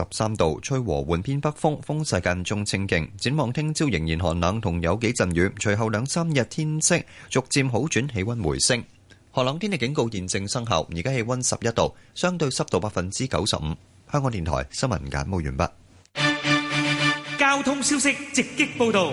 十三度，吹和緩偏北風，風勢間中清勁。展望聽朝仍然寒冷，同有幾陣雨，隨後兩三日天色逐漸好轉，氣溫回升。寒冷天氣警告現正生效，而家氣溫十一度，相對濕度百分之九十五。香港電台新聞簡報完畢。交通消息直擊報道。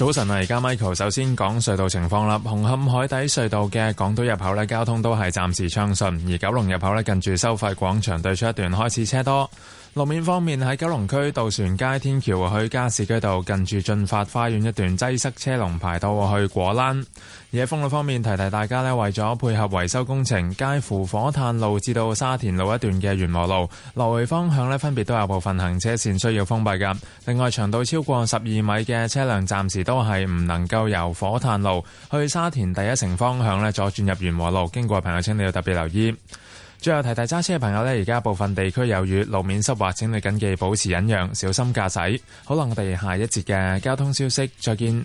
早晨啊，而家 Michael 首先講隧道情況啦。紅磡海底隧道嘅港島入口呢，交通都係暫時暢順；而九龍入口呢，近住收費廣場對出一段開始車多。路面方面，喺九龍區渡船街天橋去加士居道，近住駿發花園一段擠塞，車龍排到去果欄。而封路方面，提提大家呢為咗配合維修工程，介乎火炭路至到沙田路一段嘅元和路來回方向呢，分別都有部分行車線需要封閉噶。另外，長度超過十二米嘅車輛暫時都係唔能夠由火炭路去沙田第一城方向呢，左轉入元和路。經過朋友請你要特別留意。最後提提揸車嘅朋友呢而家部分地區有雨，路面濕滑，請你謹記保持忍讓，小心駕駛。好啦，我哋下一節嘅交通消息再見。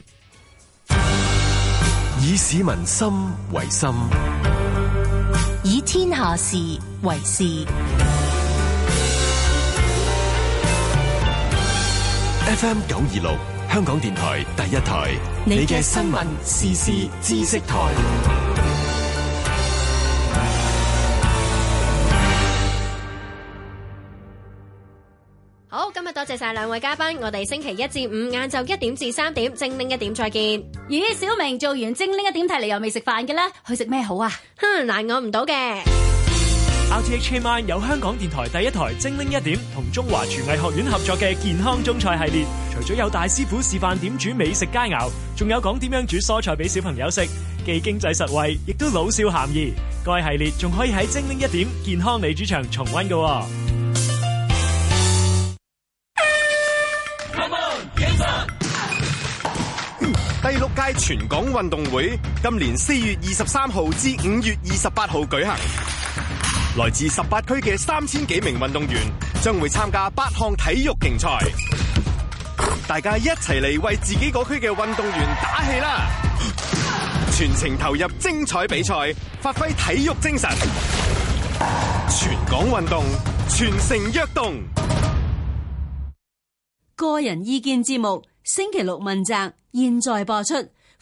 以市民心為心，以天下事為事。F M 九二六，香港電台第一台，你嘅新聞時事知識台。好，今日多謝晒兩位嘉賓。我哋星期一至五晏晝一點至三點，精靈一點再見。咦，小明做完精靈一點，睇嚟又未食飯嘅咧，去食咩好啊？哼，難餓唔到嘅。RTHK Mine 有香港電台第一台精靈一點同中華廚藝學院合作嘅健康中菜系列，除咗有大師傅示範點煮美食佳肴，仲有講點樣煮蔬菜俾小朋友食，既經濟實惠，亦都老少咸宜。該系列仲可以喺精靈一點健康美主場重温嘅。全港運動會今年四月二十三號至五月二十八號舉行，來自十八區嘅三千幾名運動員將會參加八項體育競賽，大家一齊嚟為自己嗰區嘅運動員打氣啦！全程投入精彩比賽，發揮體育精神，全港運動，全城躍動。個人意見節目星期六問責，現在播出。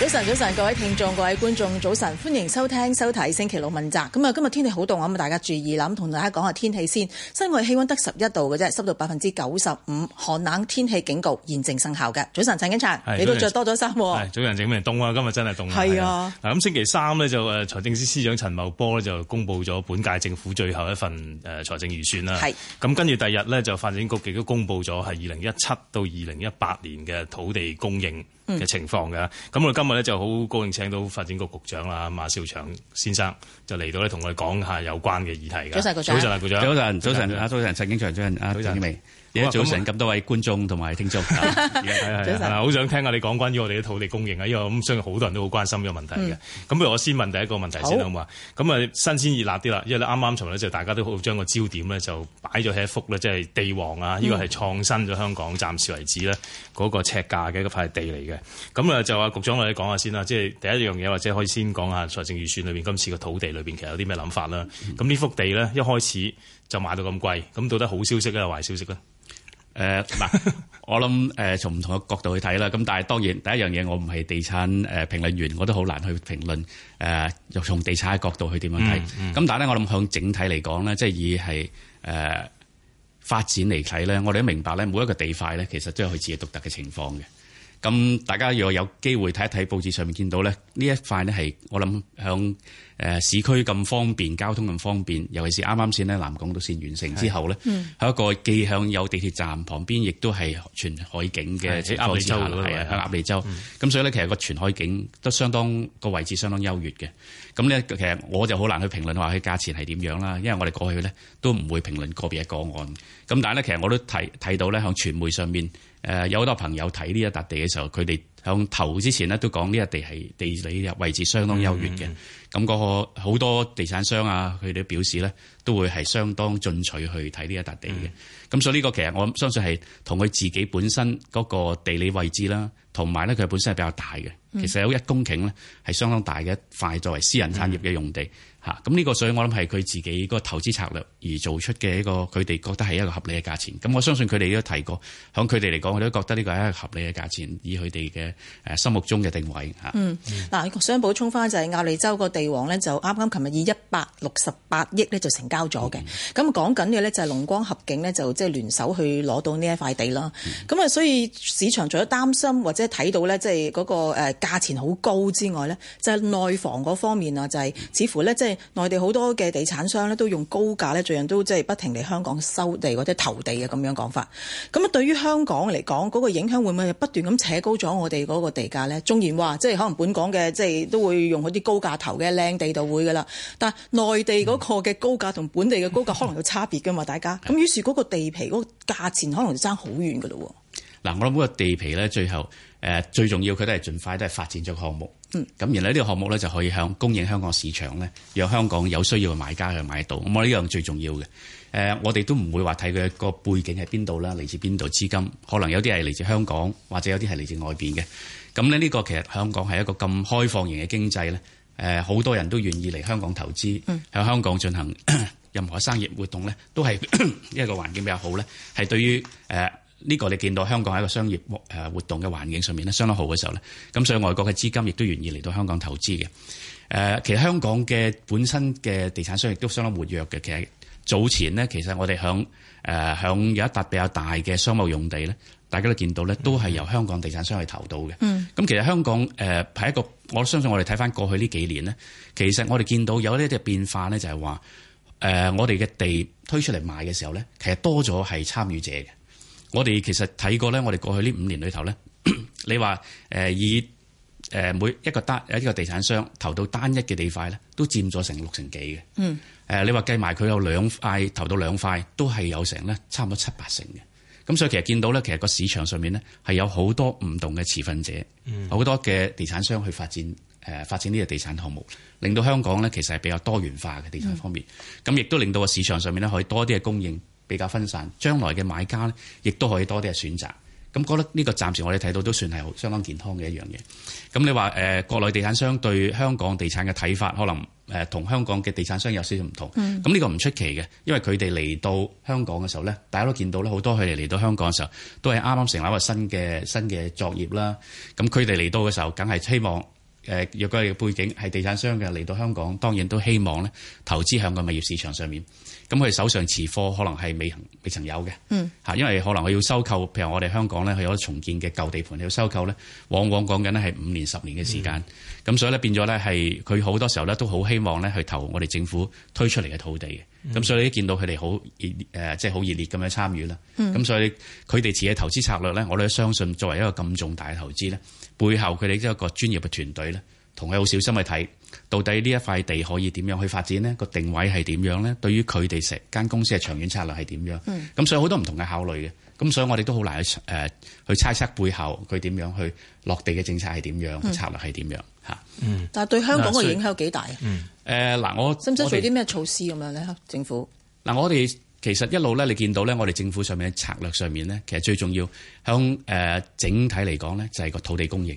早晨，早晨，各位聽眾，各位觀眾，早晨，歡迎收聽、收睇《星期六問責》天天。咁啊，今日天氣好凍，咁大家注意啦。咁同大家講下天氣先。室外氣溫得十一度嘅啫，濕度百分之九十五，寒冷天氣警告現正生效嘅。早晨，陳景祥，是你都着多咗衫。早晨，整咩凍啊？今日真係凍。係啊。嗱，咁星期三呢，就誒財政司司長陳茂波呢，就公布咗本屆政府最後一份誒財政預算啦。係是。咁跟住第二日呢，就發展局亦都公布咗係二零一七到二零一八年嘅土地供應。嘅情況嘅，咁我哋今日咧就好高興請到發展局局長啊馬紹祥先生就嚟到咧同我哋講下有關嘅議題嘅。早晨，局長。早晨早晨，早晨早晨陳景祥，早晨早晨。早晨咁多位觀眾同埋聽眾，早晨。好想聽下你講關於我哋嘅土地供應啊，因為咁相信好多人都好關心呢個問題嘅。咁不如我先問第一個問題先好嘛？咁啊新鮮熱辣啲啦，因為你啱啱從咧就大家都好將個焦點咧就擺咗喺一幅咧，即係地王啊，呢個係創新咗香港暫時為止咧嗰個尺價嘅一個塊地嚟嘅。咁咧就阿局長，我哋講下先啦。即係第一樣嘢，或者可以先講下財政預算裏邊今次個土地裏邊，其實有啲咩諗法啦。咁呢、嗯、幅地咧，一開始就賣到咁貴，咁到底好消息咧，壞消息咧？誒、呃、嗱， 我諗誒，從唔同嘅角度去睇啦。咁但係當然第一樣嘢，我唔係地產誒評論員，我都好難去評論誒，又從、呃、地產嘅角度去點樣睇。咁、嗯嗯、但係咧，我諗向整體嚟講咧，即係以係誒、呃、發展嚟睇咧，我哋都明白咧，每一個地塊咧，其實都有佢自己獨特嘅情況嘅。咁大家如果有機會睇一睇報紙上面見到咧，呢一塊呢係我諗喺誒市區咁方便，交通咁方便，尤其是啱啱先呢南港島線完成之後呢，係的一個既向有地鐵站旁邊，亦都係全海景嘅的即係鴨脷洲啦，鴨脷洲。咁所以呢，其實個全海景都相當個位置相當優越嘅。咁呢，其實我就好難去評論話佢價錢係點樣啦，因為我哋過去呢都唔會評論個別嘅個案。咁但係呢，其實我都睇睇到呢，喺傳媒上面。誒有好多朋友睇呢一笪地嘅時候，佢哋響投之前咧都講呢一地係地理位置相當優越嘅，咁、嗯嗯嗯，個好多地產商啊，佢哋表示咧都會係相當進取去睇呢一笪地嘅，咁、嗯嗯嗯，所以呢個其實我相信係同佢自己本身嗰個地理位置啦。同埋咧，佢本身係比較大嘅，其實有一公頃呢，係相當大嘅一塊作為私人產業嘅用地吓。咁呢的、啊、個，所以我諗係佢自己個投資策略而做出嘅一個，佢哋覺得係一個合理嘅價錢。咁我相信佢哋都提過響，佢哋嚟講，我哋都覺得呢個係一個合理嘅價錢，以佢哋嘅心目中嘅定位吓。啊、嗯，嗱、啊，想補充翻就係鴨脷洲個地王呢，就啱啱琴日以一百六十八億呢就成交咗嘅。咁講緊嘅呢，就係龍光合景呢，就即係聯手去攞到呢一塊地啦。咁啊、嗯，所以市場除咗擔心或者，睇到咧，即係嗰個誒價錢好高之外咧，就係、是、內房嗰方面啊，就係、是、似乎咧，即、就、係、是、內地好多嘅地產商咧，都用高價咧，最近都即係不停嚟香港收地或者投地嘅咁樣講法。咁啊，對於香港嚟講，嗰、那個影響會唔會不斷咁扯高咗我哋嗰個地價咧？縱然話即係可能本港嘅即係都會用嗰啲高價投嘅靚地度會噶啦，但係內地嗰個嘅高價同本地嘅高價可能有差別嘅嘛？ 大家咁於是嗰個地皮嗰個價錢可能就爭好遠嘅咯。嗱，我諗嗰個地皮咧，最後。誒最重要，佢都係盡快都係發展咗個項目，咁而喺呢個項目咧就可以向供應香港市場咧，讓香港有需要嘅買家去買到。咁我呢樣最重要嘅。誒，我哋都唔會話睇佢個背景喺邊度啦，嚟自邊度資金，可能有啲係嚟自香港，或者有啲係嚟自外邊嘅。咁呢個其實香港係一個咁開放型嘅經濟咧。誒，好多人都願意嚟香港投資，喺香港進行咳咳任何商業活動咧，都係一個環境比較好咧，係對於誒。呃呢個你見到香港喺一個商業誒活動嘅環境上面咧，相當好嘅時候咧，咁所以外國嘅資金亦都願意嚟到香港投資嘅。誒、呃、其實香港嘅本身嘅地產商亦都相當活躍嘅。其實早前咧，其實我哋響誒響有一笪比較大嘅商貿用地咧，大家都見到咧，都係由香港地產商去投到嘅。嗯，咁其實香港誒係一個，我相信我哋睇翻過去呢幾年咧，其實我哋見到有一啲變化咧，就係話誒我哋嘅地推出嚟賣嘅時候咧，其實多咗係參與者嘅。我哋其實睇過咧，我哋過去呢五年裏頭咧，你話、呃、以每、呃、一個單一、一個地產商投到單一嘅地塊咧，都佔咗成六成幾嘅。嗯。呃、你話計埋佢有兩塊投到兩塊，都係有成咧，差唔多七八成嘅。咁所以其實見到咧，其實個市場上面咧係有好多唔同嘅持份者，好、嗯、多嘅地產商去發展誒、呃、發展呢個地產項目，令到香港咧其實係比較多元化嘅地產方面。咁亦、嗯、都令到個市場上面咧可以多啲嘅供應。比較分散，將來嘅買家咧，亦都可以多啲嘅選擇。咁覺得呢個暫時我哋睇到都算係好相當健康嘅一樣嘢。咁你話誒、呃、國內地產商對香港地產嘅睇法，可能同、呃、香港嘅地產商有少少唔同。咁呢個唔出奇嘅，因為佢哋嚟到香港嘅時候咧，大家都見到咧，好多佢哋嚟到香港嘅時候，都係啱啱成立一個新嘅新嘅作業啦。咁佢哋嚟到嘅時候，梗係希望誒，若、呃、果嘅背景係地產商嘅嚟到香港，當然都希望咧投資喺個物業市場上面。咁佢哋手上持貨可能係未未曾有嘅，嚇、嗯，因為可能佢要收購，譬如我哋香港咧，佢有重建嘅舊地盤，要收購咧，往往講緊咧係五年十年嘅時間，咁、嗯、所以咧變咗咧係佢好多時候咧都好希望咧去投我哋政府推出嚟嘅土地嘅，咁、嗯、所以見到佢哋好熱誒，即係好熱烈咁樣參與啦，咁、嗯、所以佢哋自己投資策略咧，我都相信作為一個咁重大嘅投資咧，背後佢哋都一個專業嘅團隊咧。同佢好小心去睇，到底呢一塊地可以點樣去發展呢？個定位係點樣咧？對於佢哋成間公司嘅長遠策略係點樣？咁、嗯、所以好多唔同嘅考慮嘅。咁所以我哋都好難去、呃、去猜測背後，佢點樣去落地嘅政策係點樣，嗯、策略係點樣嚇。嗯嗯、但係對香港嘅影響幾大啊。誒，嗱、嗯呃，我使唔使做啲咩措施咁樣咧？政府嗱、呃，我哋其實一路咧，你見到咧，我哋政府上面嘅策略上面咧，其實最重要，響誒整體嚟講咧，就係個土地供應。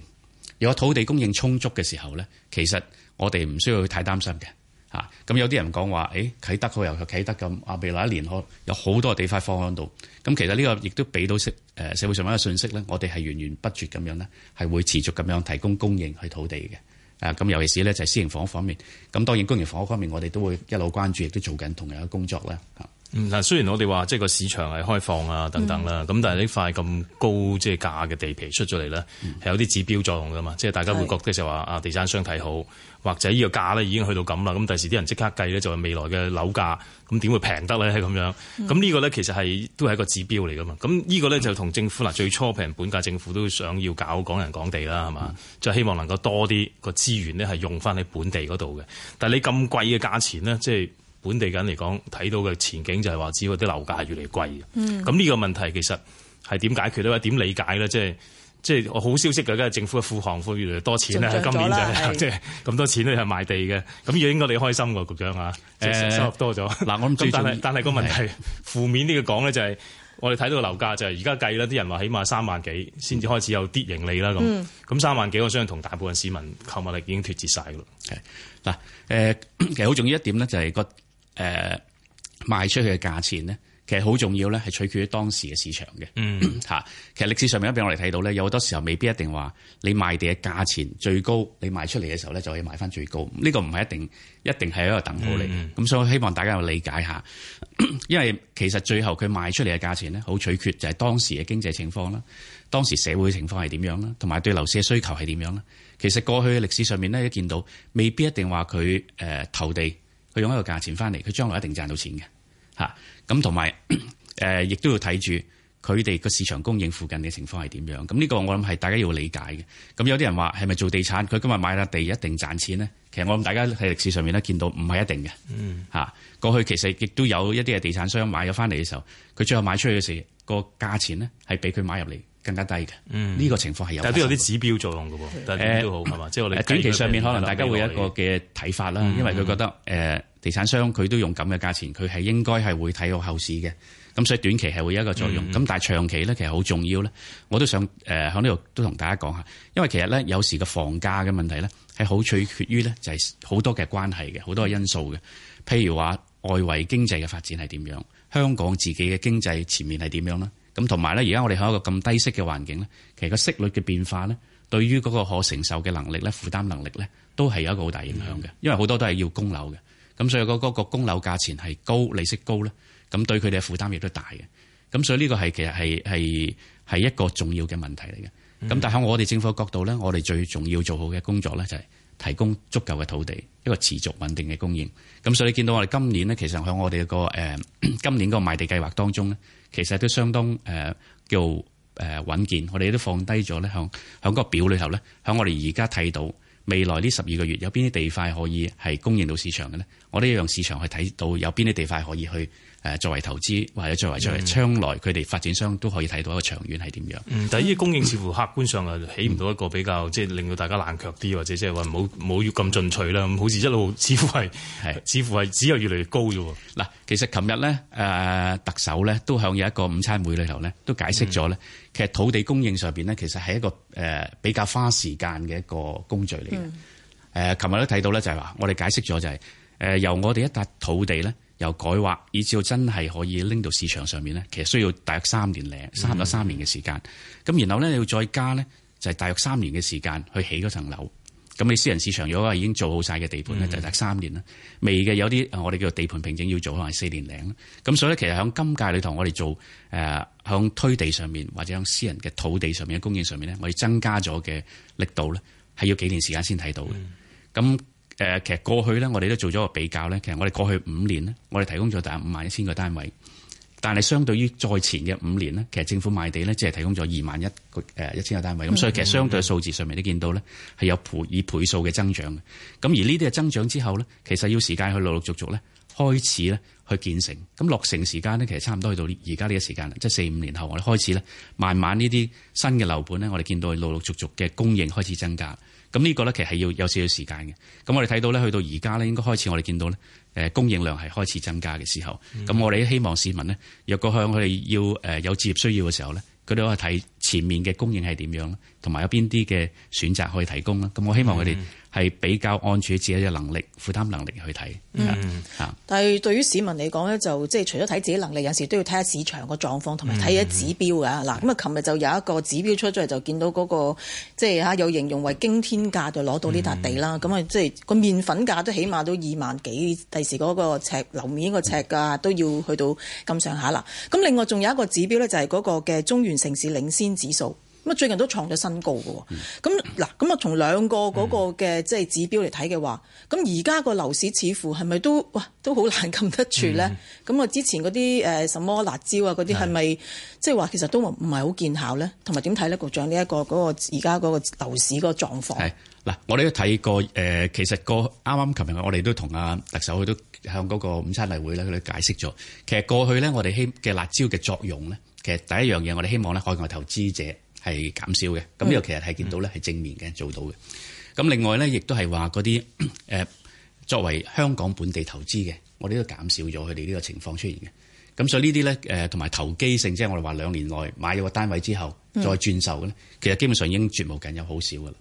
如果土地供應充足嘅時候咧，其實我哋唔需要去太擔心嘅嚇。咁、啊、有啲人講話，誒、哎、啟德好，又啟德咁，阿、啊、未來一年我有好多地塊方案度。咁、啊、其實呢個亦都俾到社社會上邊嘅信息咧，我哋係源源不絕咁樣咧，係會持續咁樣提供供應去土地嘅。啊，咁尤其是咧就係私營房屋方面。咁、啊、當然公營房屋方面，我哋都會一路關注，亦都做緊同樣嘅工作啦、啊嗯，嗱，雖然我哋話即係個市場係開放啊等等啦，咁、嗯、但係呢塊咁高即係、就是、價嘅地皮出咗嚟咧，係、嗯、有啲指標作用噶嘛，即、就、係、是、大家會覺得就話啊地產商睇好，是或者呢個價咧已經去到咁啦，咁第時啲人即刻計咧就係、是、未來嘅樓價，咁點會平得咧係咁樣？咁呢、嗯、個咧其實係都係一個指標嚟噶嘛，咁呢個咧就同政府嗱、嗯、最初平本價，政府都想要搞港人港地啦，係嘛，嗯、就希望能夠多啲個資源咧係用翻喺本地嗰度嘅，但係你咁貴嘅價錢呢，即係。本地緊嚟講睇到嘅前景就係話，只要啲樓價係越嚟越貴嘅。咁呢、嗯、個問題其實係點解決咧？點理解咧？即係即係好消息嘅，梗係政府嘅庫房會越嚟越多錢啦。今年就係即係咁多錢咧，賣地嘅。咁要應該你開心喎，局長啊。收入多咗。嗱、呃，我但係但係個問題的負面呢個講咧，就係、是、我哋睇到樓價就係而家計啦，啲人話起碼三萬幾先至開始有啲盈利啦。咁咁三萬幾，我相信同大部分市民購物力已經脱節晒㗎啦。係、呃、嗱，誒其實好重要一點咧、就是，就係個。誒、呃，賣出去嘅價錢咧，其實好重要咧，係取決於當時嘅市場嘅。吓、嗯， 其實歷史上面俾我哋睇到咧，有好多時候未必一定話你賣地嘅價錢最高，你賣出嚟嘅時候咧就可以賣翻最高。呢、這個唔係一定，一定係一個等號嚟。咁、嗯、所以希望大家要理解一下， 因為其實最後佢賣出嚟嘅價錢咧，好取決就係當時嘅經濟情況啦，當時社會情況係點樣啦，同埋對樓市嘅需求係點樣啦。其實過去嘅歷史上面咧，一見到未必一定話佢誒投地。佢用一個價錢翻嚟，佢將來一定賺到錢嘅嚇。咁同埋誒，亦都要睇住佢哋個市場供應附近嘅情況係點樣。咁呢個我諗係大家要理解嘅。咁有啲人話係咪做地產，佢今日買啦地一定賺錢咧？其實我諗大家喺歷史上面咧見到唔係一定嘅嚇、啊。過去其實亦都有一啲嘅地產商買咗翻嚟嘅時候，佢最後賣出去嘅時，個價錢咧係比佢買入嚟，更加低嘅，呢、嗯、個情況係有，但都有啲指標作用嘅喎。是的但指標都好係嘛？即係我哋短期上面可能大家會有一個嘅睇法啦，嗯、因為佢覺得誒、呃、地產商佢都用咁嘅價錢，佢係應該係會睇好後市嘅。咁所以短期係會有一個作用。咁、嗯、但係長期咧其實好重要咧。我都想誒喺呢度都同大家講下，因為其實咧有時個房價嘅問題咧係好取決於咧就係好多嘅關係嘅，好多嘅因素嘅。譬如話外圍經濟嘅發展係點樣，香港自己嘅經濟前面係點樣啦。咁同埋咧，而家我哋喺一個咁低息嘅環境咧，其實個息率嘅變化咧，對於嗰個可承受嘅能力咧、負擔能力咧，都係有一個好大影響嘅。因為好多都係要供樓嘅，咁所以嗰個供樓價錢係高，利息高咧，咁對佢哋嘅負擔亦都大嘅。咁所以呢個係其實係係係一個重要嘅問題嚟嘅。咁但喺我哋政府嘅角度咧，我哋最重要做好嘅工作咧，就係提供足夠嘅土地，一個持續穩定嘅供應。咁所以你見到我哋今年咧，其實喺我哋個誒今年個賣地計劃當中咧。其實都相當誒、呃、叫誒穩、呃、健，我哋都放低咗咧，響響個表裏頭咧，響我哋而家睇到未來呢十二個月有邊啲地塊可以係供應到市場嘅咧，我哋要用市場去睇到有邊啲地塊可以去。誒作為投資，或者作為作為將來佢哋發展商都可以睇到一個長遠係點樣、嗯？但係依個供應似乎客觀上啊，起唔到一個比較，即係令到大家冷卻啲，或者即係話冇冇要咁進取啦。好似一路似乎係，是似乎係只有越嚟越高啫喎。嗱，其實琴日咧，誒特首咧都向一個午餐會裏頭咧，都解釋咗咧，嗯、其實土地供應上面咧，其實係一個誒比較花時間嘅一個工序嚟嘅。誒、嗯，琴日都睇到咧，就係話我哋解釋咗就係、是、誒，由我哋一笪土地咧。又改劃，以至到真係可以拎到市場上面咧，其實需要大約三年零，三到、嗯、三年嘅時間。咁然後咧要再加咧，就係、是、大約三年嘅時間去起嗰層樓。咁你私人市場如果已經做好晒嘅地盤咧，就約、是、三年啦。嗯、未嘅有啲我哋叫做地盤平整要做，可能四年零。咁所以咧，其實喺今屆裏頭，我哋做誒、呃、向推地上面或者向私人嘅土地上面嘅供應上面咧，我哋增加咗嘅力度咧，係要幾年時間先睇到嘅。咁、嗯誒，其實過去咧，我哋都做咗個比較咧。其實我哋過去五年呢，我哋提供咗大概五萬一千個單位，但係相對於在前嘅五年呢，其實政府賣地咧，只係提供咗二萬一個誒一千個單位。咁、嗯、所以其實相對數字上面都見到咧，係有倍以倍數嘅增長嘅。咁而呢啲嘅增長之後咧，其實要時間去陸陸續續咧開始咧去建成。咁落成時間呢，其實差唔多去到而家呢個時間啦，即係四五年後我哋開始咧，慢慢呢啲新嘅樓盤咧，我哋見到陸陸續續嘅供應開始增加。咁呢個咧其實係要有少少時間嘅。咁我哋睇到咧，去到而家咧，應該開始我哋見到咧，誒供應量係開始增加嘅時候。咁、嗯、我哋希望市民咧，若果向佢哋要有置業需要嘅時候咧，佢哋可以睇前面嘅供應係點樣同埋有邊啲嘅選擇可以提供啊，咁我希望佢哋係比較按住自己嘅能力，負擔能力去睇。吓、嗯，吧但係對於市民嚟講咧，就即係除咗睇自己能力，有時都要睇下市場嘅狀況同埋睇下指標㗎。嗱、嗯、咁啊，琴日就有一個指標出咗嚟，就見到嗰、嗰個即係吓有形容為驚天價就攞到呢笪地啦。咁啊、嗯，即係個麵粉價都起碼都二萬幾，第時嗰個尺樓面個尺價都要去到咁上下啦。咁另外仲有一個指標咧，就係、係、嗰個嘅中原城市領先指數咁啊，最近都創咗新高嘅。咁嗱、嗯，咁啊，從兩個嗰個嘅即係指標嚟睇嘅話，咁而家個樓市似乎係咪都哇，都好難撳得住咧？咁啊、嗯，之前嗰啲誒什麼辣招啊嗰啲，係咪即係話其實都唔唔係好見效咧？同埋點睇咧，局長呢一個嗰個而家嗰個樓市嗰個狀況？係嗱，我哋都睇過誒，其實個啱啱琴日我哋都同阿特首都向嗰個午餐例會咧，佢哋解釋咗，其實過去咧我哋希嘅辣招嘅作用咧。其實第一樣嘢，我哋希望咧，海外投資者係減少嘅。咁、這、呢個其實係見到咧，係正面嘅做到嘅。咁另外咧，亦都係話嗰啲誒作為香港本地投資嘅，我哋都減少咗佢哋呢個情況出現嘅。咁所以呢啲咧誒同埋投機性，即係我哋話兩年內買咗個單位之後再轉售嘅咧，其實基本上已經絕無僅有，好少噶啦。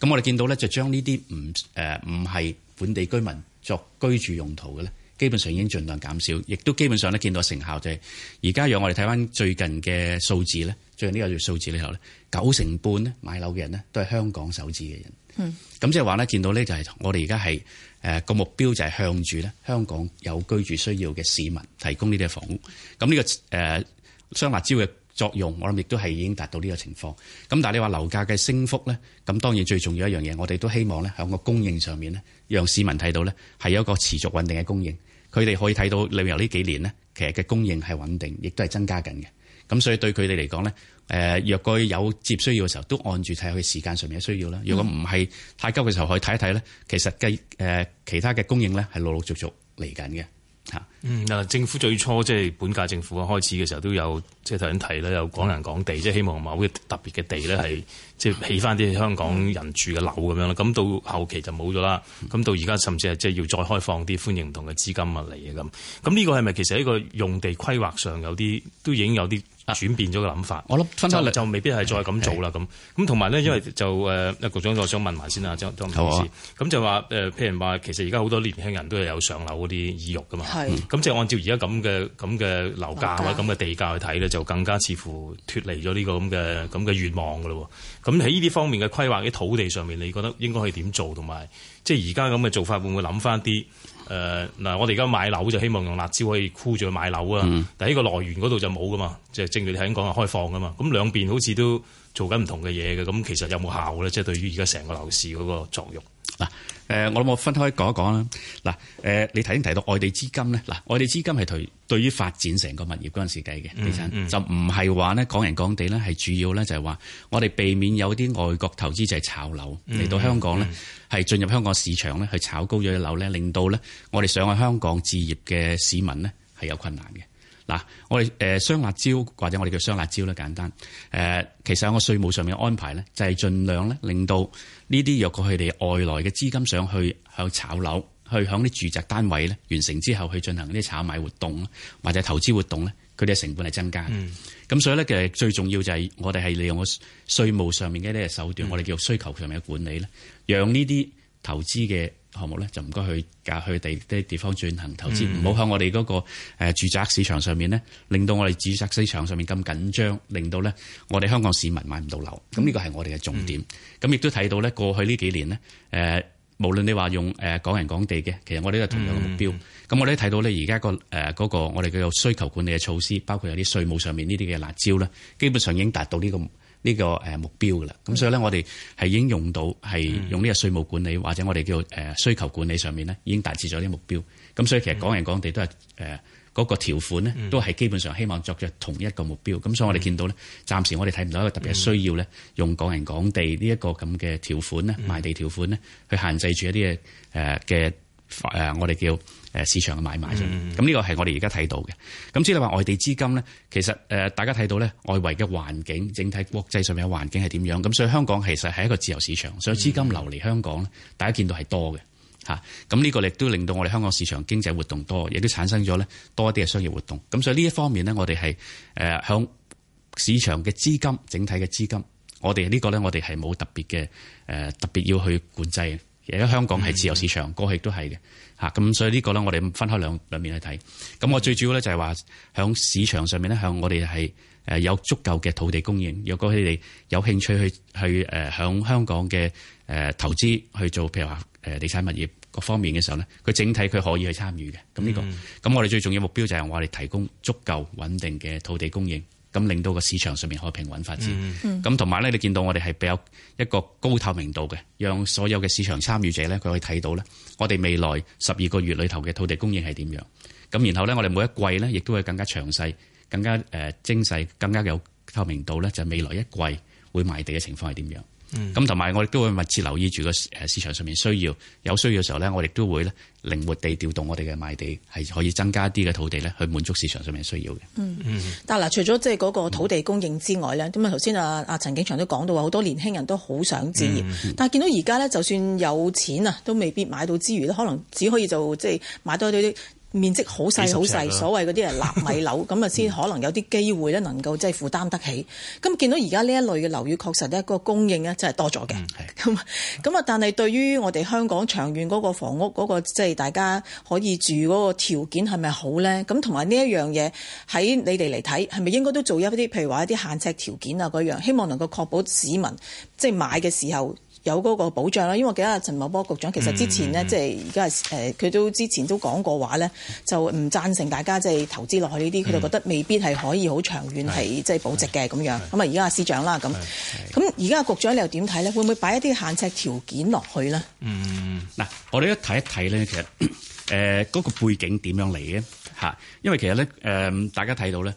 咁我哋見到咧，就將呢啲唔誒唔係本地居民作居住用途嘅咧。基本上已經盡量減少，亦都基本上咧見到成效就係、是，而家讓我哋睇翻最近嘅數字咧，最近呢個數字裏頭咧，九成半咧買樓嘅人咧都係香港首置嘅人。嗯，咁即係話咧，見到咧就係我哋而家係誒個目標就係向住咧香港有居住需要嘅市民提供呢啲嘅房屋。咁呢、這個誒、呃、雙辣椒嘅。作用我諗亦都係已經達到呢個情況。咁但係你話樓價嘅升幅咧，咁當然最重要一樣嘢，我哋都希望咧喺個供應上面咧，讓市民睇到咧係有一個持續穩定嘅供應。佢哋可以睇到旅遊呢幾年咧，其實嘅供應係穩定，亦都係增加緊嘅。咁所以對佢哋嚟講咧，誒若果有接需要嘅時候，都按住睇下佢時間上面嘅需要啦。如果唔係太急嘅時候，可以睇一睇咧。其實嘅誒其他嘅供應咧係陸陸續續嚟緊嘅。吓，嗯，嗱，政府最初即係本屆政府開始嘅時候都有，即係頭先提啦，有港人港地，即係希望某啲特別嘅地咧係即係起翻啲香港人住嘅樓咁樣啦。咁是的 到後期就冇咗啦。咁到而家甚至係即係要再開放啲，歡迎唔同嘅資金物嚟嘅咁。咁呢個係咪其實喺個用地規劃上有啲都已經有啲？轉變咗個諗法，啊、就就未必係再咁做啦咁。咁同埋咧，因為就誒，阿、呃、局長，我想問埋先啊，張張唔好意思。咁吧就話誒、呃，譬如話，其實而家好多年輕人都係有上樓嗰啲意欲噶嘛。係是。咁即係按照而家咁嘅咁嘅樓價，樓價或者咁嘅地價去睇咧，就更加似乎脫離咗呢個咁嘅咁嘅願望噶咯。咁喺呢啲方面嘅規劃，喺土地上面，你覺得應該可以點做？同埋即係而家咁嘅做法，會唔會諗翻啲？誒嗱，呃，我哋而家買樓就希望用辣椒可以箍住去買樓啊，嗯、但係呢個來源嗰度就冇㗎嘛，即係正如你啱講啊，開放㗎嘛，咁兩邊好似都做緊唔同嘅嘢嘅，咁其實有冇效咧？即係對於而家成個樓市嗰個作用嗱，啊。誒，我諗我分開講一講啦。嗱，誒，你頭先提到外地資金咧，嗱，外地資金係同對於發展成個物業嗰陣時計嘅其實，嗯嗯、就唔係話咧港人港地咧，係主要咧就係話，我哋避免有啲外國投資就係炒樓嚟到香港咧，係、嗯嗯、進入香港市場咧去炒高咗啲樓咧，令到咧我哋上去香港置業嘅市民咧係有困難嘅。嗱，我哋誒雙辣招，或者我哋叫雙辣招咧簡單，誒，其實喺個稅務上面嘅安排咧，就係盡量咧令到。呢啲若果佢哋外來嘅資金上去去炒樓，去響啲住宅單位咧完成之後去進行啲炒賣活動，或者投資活動咧，佢哋嘅成本係增加嘅。咁、嗯、所以咧，其實最重要就係我哋係利用個稅務上面嘅呢個手段，我哋叫做需求上面嘅管理咧，讓呢啲投資嘅項目咧就唔該去架去地啲地方轉行投資，唔好向我哋嗰個住宅市場上面咧，令到我哋住宅市場上面咁緊張，令到咧我哋香港市民買唔到樓。咁呢個係我哋嘅重點。咁亦都睇到咧，過去呢幾年咧，誒無論你話用誒港人港地嘅，其實我哋都係同樣嘅目標。咁、嗯、我哋睇到咧，而家個誒嗰個我哋叫做需求管理嘅措施，包括有啲稅務上面呢啲嘅辣招咧，基本上已經達到呢、呢個。呢個誒目標㗎啦，咁所以咧，我哋係已經用到係用呢個稅務管理或者我哋叫誒需求管理上面咧，已經達至咗啲目標。咁所以其實港人港地都係誒嗰個條款咧，都係基本上希望作着同一個目標。咁所以我哋見到咧，暫、嗯、時我哋睇唔到一個特別需要咧，嗯、用港人港地呢一個咁嘅條款咧，嗯、賣地條款咧，去限制住一啲嘅誒嘅。呃我哋叫市場嘅買賣，咁呢個係我哋而家睇到嘅。咁即係話外地資金咧，其實大家睇到咧，外圍嘅環境整體國際上面嘅環境係點樣？咁所以香港其實係一個自由市場，所以資金流嚟香港咧，大家見到係多嘅嚇。咁、這、呢個亦都令到我哋香港市場經濟活動多，亦都產生咗咧多一啲嘅商業活動。咁所以呢一方面呢，我哋係向市場嘅資金整體嘅資金，我哋呢個咧，我哋係冇特別嘅特別要去管制。而家香港係自由市場，過去亦都係嘅嚇。咁、嗯、所以呢個咧，我哋分開兩兩面去睇。咁我最主要咧就係話，喺市場上面咧，向我哋係誒有足夠嘅土地供應。如果佢哋有興趣去去誒喺香港嘅誒投資去做，譬如話誒地產物業各方面嘅時候咧，佢整體佢可以去參與嘅。咁呢、呢個咁我哋最重要目標就係我哋提供足夠穩定嘅土地供應。咁令到個市場上面可以平穩發展，咁同埋咧，你見到我哋係比較一個高透明度嘅，讓所有嘅市場參與者咧，佢可以睇到咧，我哋未來十二個月裏頭嘅土地供應係點樣。咁然後咧，我哋每一季咧，亦都會更加詳細、更加誒精細更加有透明度咧，就係未來一季會賣地嘅情況係點樣。咁同埋我哋都會密切留意住個市場上面需要，有需要嘅時候咧，我哋都會咧靈活地調動我哋嘅賣地，係可以增加啲嘅土地咧，去滿足市場上面需要嘅。嗯嗯，嗯但係嗱，除咗即係嗰個土地供應之外咧，咁啊頭先啊陳景祥都講到話，好多年輕人都好想置業，嗯、但係見到而家咧，就算有錢啊，都未必買到，之餘咧，可能只可以就即係買多啲。面積好細好細，所謂嗰啲係納米樓，咁啊先可能有啲機會咧，能夠即係負擔得起。咁見到而家呢一類嘅樓宇，確實呢個供應咧，真係多咗嘅。咁咁啊， 但係對於我哋香港長遠嗰個房屋嗰、嗰個即係大家可以住嗰個條件係咪好咧？咁同埋呢一樣嘢喺你哋嚟睇，係咪應該都做一啲譬如話一啲限尺條件啊嗰樣，希望能夠確保市民即係、即係、買嘅時候，有嗰個保障啦，因為我記得阿陳茂波局長其實之前呢，嗯、即係而家誒，佢、呃、都之前都講過話咧，就唔贊成大家即係投資落去呢啲，佢就覺得未必係可以好長遠係即係保值嘅咁樣。咁啊是，而家阿司長啦咁，咁而家啊局長你又點睇咧？會唔會擺一啲限制條件落去咧？嗯，嗱，我哋一睇一睇咧，其實誒嗰、 呃嗰個背景點樣嚟嘅吓？因為其實咧誒、呃，大家睇到咧誒、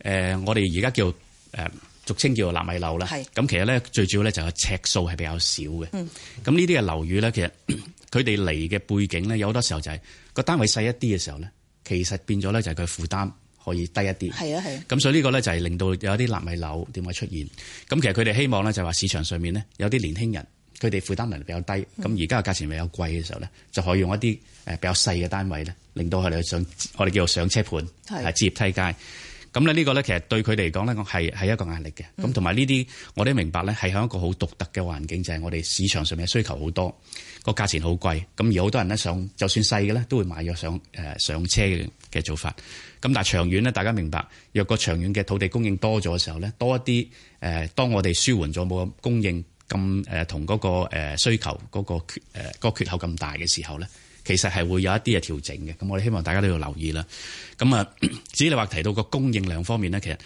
呃，我哋而家叫誒。呃俗稱叫做納米樓啦，咁是其實咧最主要咧就係尺數係比較少嘅。咁呢啲嘅樓宇咧，其實佢哋嚟嘅背景咧，有好多時候就係、是、個單位細一啲嘅時候咧，其實變咗咧就係佢負擔可以低一啲。係啊係。咁、啊、所以呢個咧就係令到有啲納米樓點會出現？咁其實佢哋希望咧就係話市場上面咧有啲年輕人，佢哋負擔能力比較低，咁而家嘅價錢比較貴嘅時候咧，就可以用一啲誒比較細嘅單位咧，令到佢哋去上我哋叫做上車盤，係置業是梯階。咁呢個咧，其實對佢嚟講咧，係係一個壓力嘅。咁同埋呢啲，我哋明白咧，係喺一個好獨特嘅環境，就係、係、我哋市場上面嘅需求好多，個價錢好貴。咁而好多人咧想就算細嘅咧，都會買咗上上車嘅嘅做法。咁但係長遠咧，大家明白，若個長遠嘅土地供應多咗嘅時候咧，多一啲誒、呃，當我哋舒緩咗冇供應咁同嗰個、呃、需求嗰、嗰個、呃、缺誒、呃、缺口咁大嘅時候咧。其實係會有一啲嘅調整嘅，咁我哋希望大家都要留意啦。咁啊，至於你話提到個供應量方面咧，其實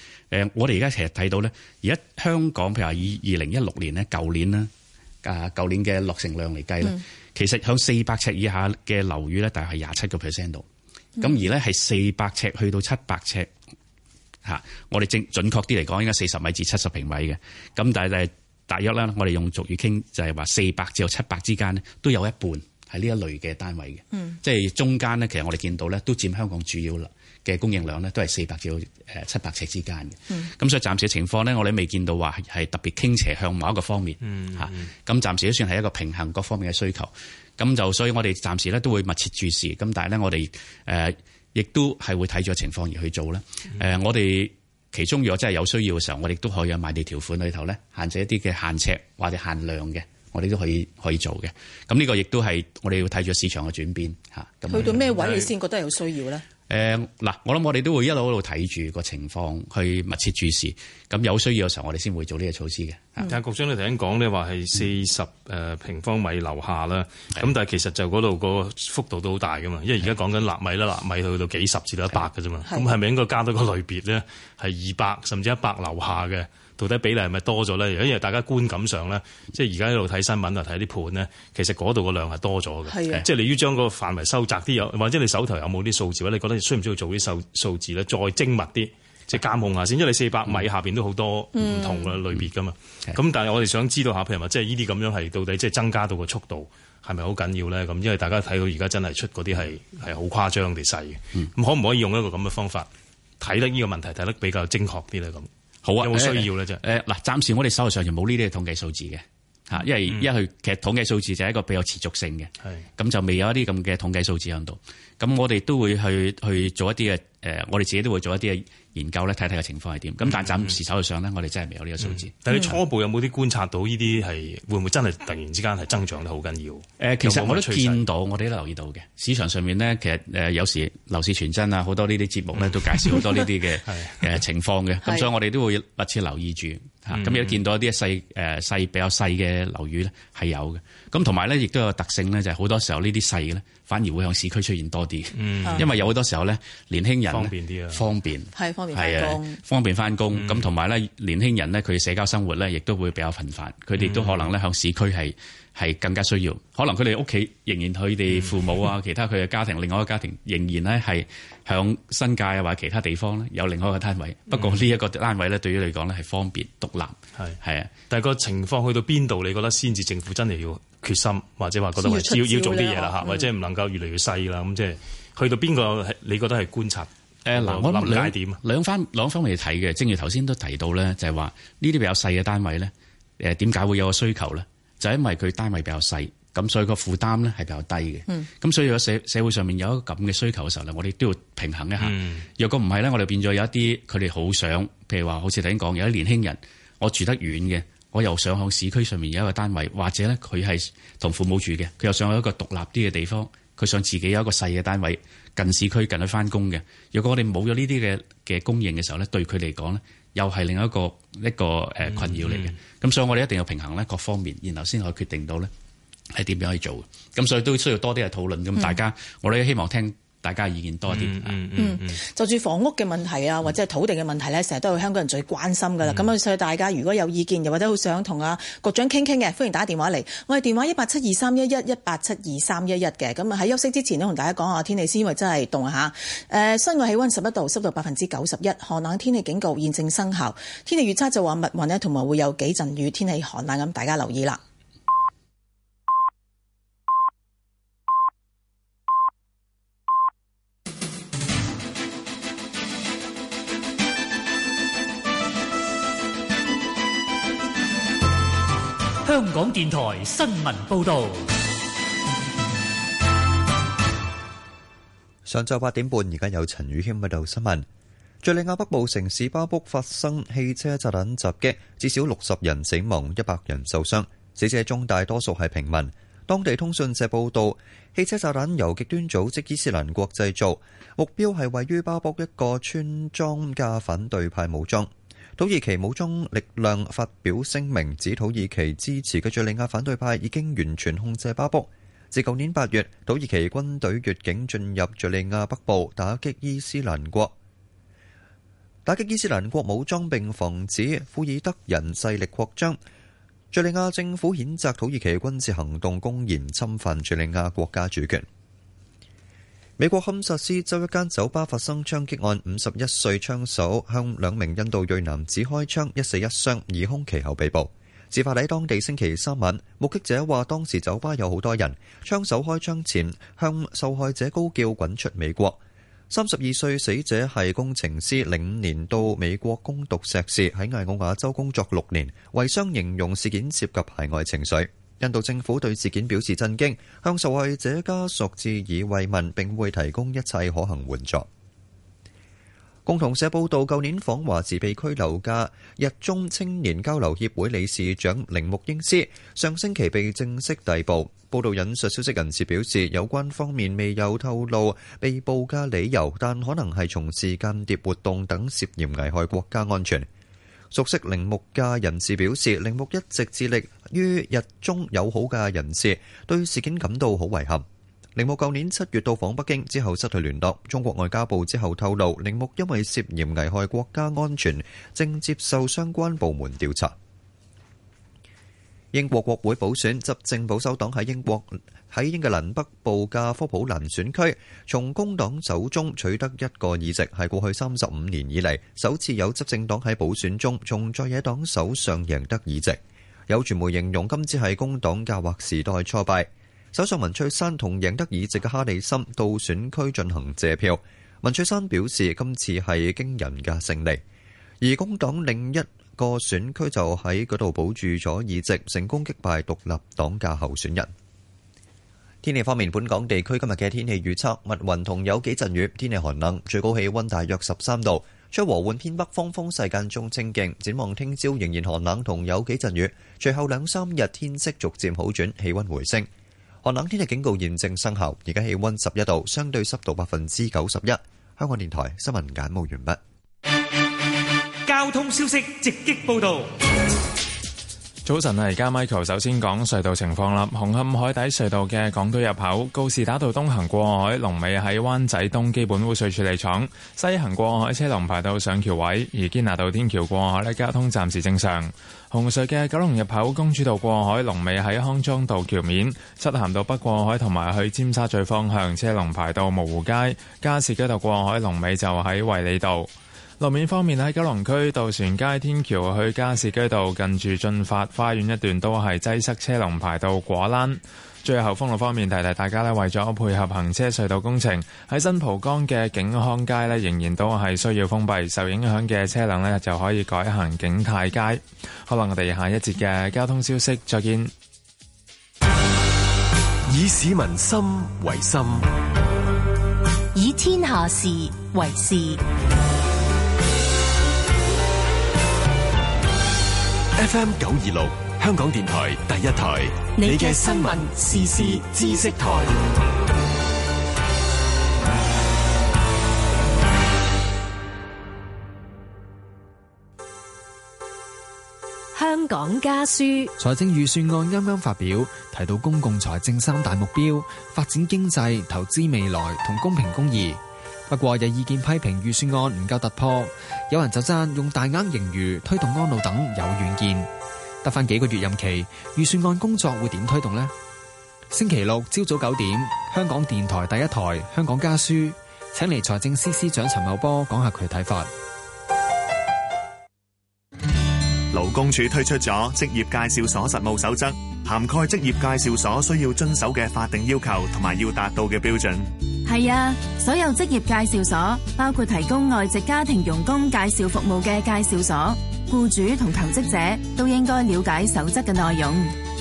誒，我哋而家其實睇到咧，而家香港譬如話以二零一六年咧，舊年啦，啊，舊年嘅落成量嚟計咧，嗯、其實向四百尺以下嘅樓宇咧，大概係廿七個 percent 度。咁、嗯、而咧係四百尺去到七百尺嚇，我哋正準確啲嚟講，應該四十米至七十平米嘅，咁但係大約咧，我哋用俗語傾就係話四百至到七百之間呢，都有一半。係呢一類嘅單位嘅，即係中間呢，其實我哋見到咧，都佔香港主要嘅供應量呢，都係四百至到七百尺之間嘅。咁、嗯、所以暫時嘅情況呢，我哋未見到話係特別傾斜向某一個方面嚇。咁、嗯嗯、暫時都算係一個平衡各方面嘅需求。咁就所以我哋暫時咧都會密切注視。咁但係呢，我哋誒亦都係會睇住情況而去做咧。誒，嗯、我哋其中如果真係有需要嘅時候，我哋都可以喺買地條款裏頭咧限制一啲嘅限尺或者限量嘅。我哋都可以可以做嘅，咁呢個亦都係我哋要睇住市場嘅轉變吓，咁去到咩位你先覺得有需要咧？誒嗱、呃，我諗我哋都會一路一路睇住個情況，去密切注視。咁有需要嘅時候，我哋先會做呢個措施嘅。但、嗯、局長你頭先講咧話係四十平方米樓下啦，咁、嗯、但係其實就嗰度個幅度都好大噶嘛，因為而家講緊納米啦，納米去到幾十至到一百㗎啫嘛，咁係咪應該加多個類別咧？係二百甚至一百樓下嘅？到底比例係咪多咗咧？因為大家觀感上咧，即係而家喺度睇新聞啊，睇啲盤咧，其實嗰度個量係多咗嘅，是的即係你要將個範圍收窄啲，又或者你手頭有冇啲數字咧？你覺得需唔需要做啲數數字咧？再精密啲，即、就、係、是、監控一下先，因為你四百米下邊都好多唔同嘅類別噶嘛。咁、嗯嗯、但係我哋想知道下，譬如話，即係呢啲咁樣係到底即係增加到個速度係咪好緊要咧？咁因為大家睇到而家真係出嗰啲係係好誇張地細嘅，咁、嗯、可唔可以用一個咁嘅方法睇得呢個問題睇得比較精確啲咧？咁？好啊，有冇需要呢啫誒嗱，欸欸、暫時我哋手頭上就冇呢啲嘅統計數字嘅吓，嗯、因為一去其實統計數字就係一個比較持續性嘅，係咁就未有一啲咁嘅統計數字響度。咁我哋都會去去做一啲嘅，誒、呃，我哋自己都會做一啲嘅研究咧，睇睇個情況係點。咁但暫時手度上咧，mm hmm. 我哋真係未有呢個數字。Mm hmm. 但你初步有冇啲觀察到呢啲係會唔會真係突然之間係增長得好緊要，呃？其實有有我都見到，我哋都留意到嘅市場上面咧，其實有時樓市傳真啊，好多呢啲節目咧都介紹好多呢啲嘅誒情況嘅。咁所以我哋都會密切留意住吓。咁見、mm hmm. 嗯、到一啲細細、呃、比較細嘅樓宇咧係有嘅。咁同埋咧亦都有特性咧，就係好多時候呢啲細咧。反而會向市區出現多啲，嗯、因為有好多時候咧，年輕人方便啲啊便，方便方便翻工，咁同埋咧，年輕人咧，佢嘅社交生活咧，亦都會比較頻繁。佢哋、嗯、都可能咧，向市區係係更加需要。可能佢哋屋企仍然佢哋父母啊，其他佢嘅家庭，嗯、另外一個家庭仍然咧係向新界啊，或者其他地方咧有另外一個單位。不過呢一個單位咧，對於你講咧係方便獨立係係啊。的的但係個情況去到邊度，你覺得先至政府真係要？決心，或者話覺得要要做啲嘢啦嚇，或者唔能夠越嚟越細啦，咁，即係、嗯就是、去到邊個你覺得係觀察？誒嗱、呃，想我諗解 兩點兩翻兩方面嚟睇嘅，正如頭先都提到咧，就係話呢啲比較細嘅單位咧，誒點解會有個需求咧？就係、因為佢單位比較細，咁所以個負擔咧係比較低嘅。咁、嗯、所以喺社社會上面有一個咁嘅需求嘅時候咧，我哋都要平衡一下。若果唔係咧，我哋變咗有一啲佢哋好想，譬如話好似頭先講，有啲年輕人我住得遠嘅。我又想向市區上面有一個單位，或者咧佢係同父母住嘅，佢又想有一個獨立啲嘅地方，佢想自己有一個細嘅單位，近市區近去翻工嘅。如果我哋冇咗呢啲嘅嘅供應嘅時候咧，對佢嚟講咧，又係另一個一個誒困擾嚟嘅。咁、嗯嗯、所以我哋一定要平衡咧各方面，然後先可以決定到咧係點樣可以做。咁所以都需要多啲嘅討論。咁，大家我哋希望聽。大家意見多啲、嗯，嗯嗯嗯，嗯就住房屋嘅問題啊，或者係土地嘅問題咧，成日都有香港人最關心噶啦，咁啊、嗯，所以大家如果有意見，又或者好想同啊局長傾傾嘅，歡迎打電話嚟。我哋電話一八七二三一一一八七二三一一嘅。咁啊喺休息之前都同大家講下天氣先，因為真係凍下。誒，室外氣温十一度，濕度百分之九十一，寒冷天氣警告現正生效。天氣預測就話密雲呢，同埋會有幾陣雨，天氣寒冷咁，大家留意啦。香港電台新聞報道：上晝八點半，而家有陳宇謙報道新聞。敘利亞北部城市巴卜發生汽車炸彈襲擊，至少六十人死亡，一百人受傷。死者中大多數係平民。當地通訊社報道，汽車炸彈由極端組織伊斯蘭國製造，目標係位於巴卜一個村莊嘅反對派武裝。土耳其武裝力量發表聲明，指土耳其支持嘅敘利亞反對派已經完全控制巴卜。自舊年八月，土耳其軍隊越境進入敘利亞北部，打擊伊斯蘭國，打擊伊斯蘭國武裝，並防止庫爾德人勢力擴張。敘利亞政府譴責土耳其軍事行動公然侵犯敘利亞國家主權。美國堪薩斯州一間酒吧發生槍擊案，五十一歲槍手向兩名印度裔男子開槍，一死一傷，疑凶其後被捕。事發喺當地星期三晚，目擊者話當時酒吧有好多人，槍手開槍前向受害者高叫滾出美國。三十二歲死者係工程師，零年到美國攻讀碩士，喺艾奧瓦州工作六年。遺孀形容事件涉及排外情緒。印度政府對事件表示震驚，向受害者家屬致以慰問，並會提供一切可行援助。共同社報道，舊年訪華時被拘留嘅日中青年交流協會理事長鈴木英司上星期被正式逮捕。報道引述消息人士表示，有關方面未有透露被捕嘅理由，但可能係從事間諜活動等涉嫌危害國家安全。熟悉鈴木嘅人士表示，鈴木一直致力於日中友好嘅人士，對事件感到好遺憾。鈴木舊年七月到訪北京之後失去聯絡，中國外交部之後透露，鈴木因為涉嫌危害國家安全，正接受相關部門調查。英國國會補選，執政保守黨喺英國喺英格蘭北部嘅科普蘭選區，從工黨手中取得一個議席，係過去三十五年以嚟首次有執政黨喺補選中從在野黨手上贏得議席。有傳媒形容今次係工黨嘅劃時代挫敗。首相文翠珊同贏得議席嘅哈里森到選區進行借票。文翠珊表示今次係驚人嘅勝利，而工黨另一個選區就喺嗰度保住咗議席，成功擊敗獨立黨嘅候選人。天氣方面，本港地區今日嘅天氣預測：密雲同有幾陣雨，天氣寒冷，最高氣溫大約十三度。吹和緩偏北風，風勢間中清勁。展望聽朝仍然寒冷同有幾陣雨，隨後兩三日天色逐漸好轉，氣溫回升。寒冷天氣警告現正生效，而家氣溫十一度，相對濕度百分之九十一。香港電台新聞簡報完畢。交通消息直擊報道。早晨啊，而家 Michael 首先講隧道情況啦。紅磡海底隧道嘅港島入口，告士打道東行過海，龍尾喺灣仔東基本污水處理廠；西行過海，車龍排到上橋位。而堅拿道天橋過海呢，交通暫時正常。紅隧嘅九龍入口，公主道過海，龍尾喺康莊道橋面；漆咸道北過海同埋去尖沙咀方向，車龍排到蕪湖街；加士居道過海，龍尾就喺惠里道。路面方面，喺九龍區渡船街天橋去加士居道近住駿發花園一段都係擠塞，車龍排到果欄。最後封路方面，提提大，大，大家咧，為咗配合行車隧道工程，喺新蒲崗嘅景康街仍然都係需要封閉，受影響嘅車輛就可以改行景泰街。好啦，我哋下一節嘅交通消息再見。以市民心為心，以天下事為事。FM 九二六，香港電台第一台，你嘅新聞、時事、知識台。香港家書，財政預算案啱啱發表，提到公共財政三大目標：發展經濟、投資未來同公平公義。不過有意見批評預算案唔夠突破，有人就讚用大額盈餘推動安老等有遠見，得返幾個月任期，預算案工作會點推動呢？星期六朝早九點，香港電台第一台《香港家書》，請嚟財政司司長陳茂波講下佢睇法。勞工處推出咗職業介紹所實務守則，涵蓋職業介紹所需要遵守嘅法定要求同埋要達到嘅標準。係啊，所有職業介紹所，包括提供外籍家庭傭工介紹服務嘅介紹所，僱主同求職者都應該了解守則嘅內容。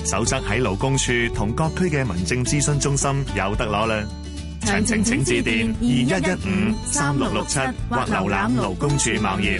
守則喺勞工處同各區嘅民政諮詢中心有得攞啦。詳情請致電二一一五三六六七，或瀏覽勞工處網頁。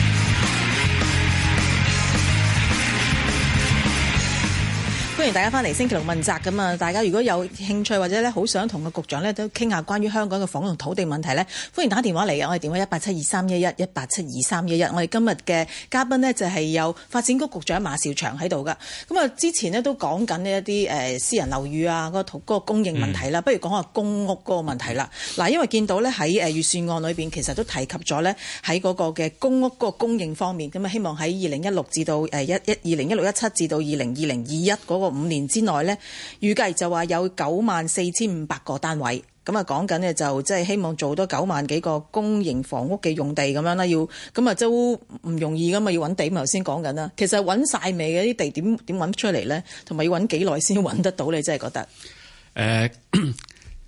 歡迎大家翻嚟星期六問責咁啊！大家如果有興趣或者咧好想同個局長咧都傾下關於香港嘅房同土地問題咧，歡迎打電話嚟，我哋電話一八七二三一一一八七二三一一。我哋今日嘅嘉賓呢，就係有發展局局長馬紹祥喺度噶。咁啊，之前呢都講緊呢一啲誒私人樓宇啊，嗰個嗰供應問題啦，不如講下公屋嗰個問題啦。嗱，因為見到咧喺誒預算案裏面其實都提及咗咧喺嗰個嘅公屋嗰個供應方面，咁啊希望喺二零一六至到誒一一二零一六一七至到二零二零二一嗰個。五年之內咧，預計就話有九萬四千五百個單位，咁啊講緊呢，就即係希望做多九萬幾個公營房屋嘅用地咁樣啦，要咁啊都唔容易噶嘛，要揾地嘛，頭先講緊啦。其實揾晒未嘅啲地點點揾出嚟咧，同埋要揾幾耐先揾得到，你真係覺得？誒、呃，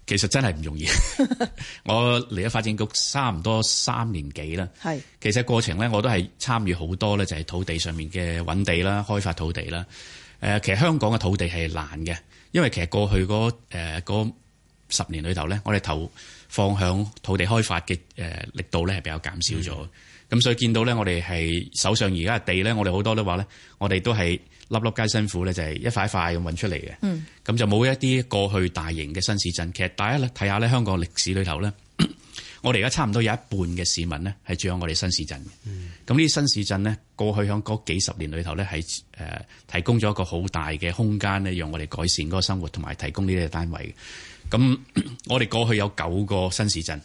其實真係唔容易。 我嚟咗發展局差唔多三年幾啦，係是。其實過程咧，我都係參與好多咧，就係、是、土地上面嘅揾地啦，開發土地啦。誒，其實香港嘅土地係難嘅，因為其實過去嗰、呃、十年裏頭咧，我哋投放向土地開發嘅、呃、力度咧係比較減少咗，咁、嗯、所以見到咧，我哋係手上而家嘅地咧，我哋好多都話咧，我哋都係粒粒皆辛苦咧，就係、是、一塊一塊咁揾出嚟嘅，咁、嗯、就冇一啲過去大型嘅新市鎮。其實大家咧睇下咧，香港歷史裏頭咧。我哋而家差唔多有一半嘅市民呢，係住喺我哋新市鎮嘅。咁呢啲新市鎮呢，過去響嗰幾十年裏頭呢，係誒提供咗一個好大嘅空間呢，讓我哋改善嗰個生活同埋提供呢啲單位。咁我哋過去有九個新市鎮，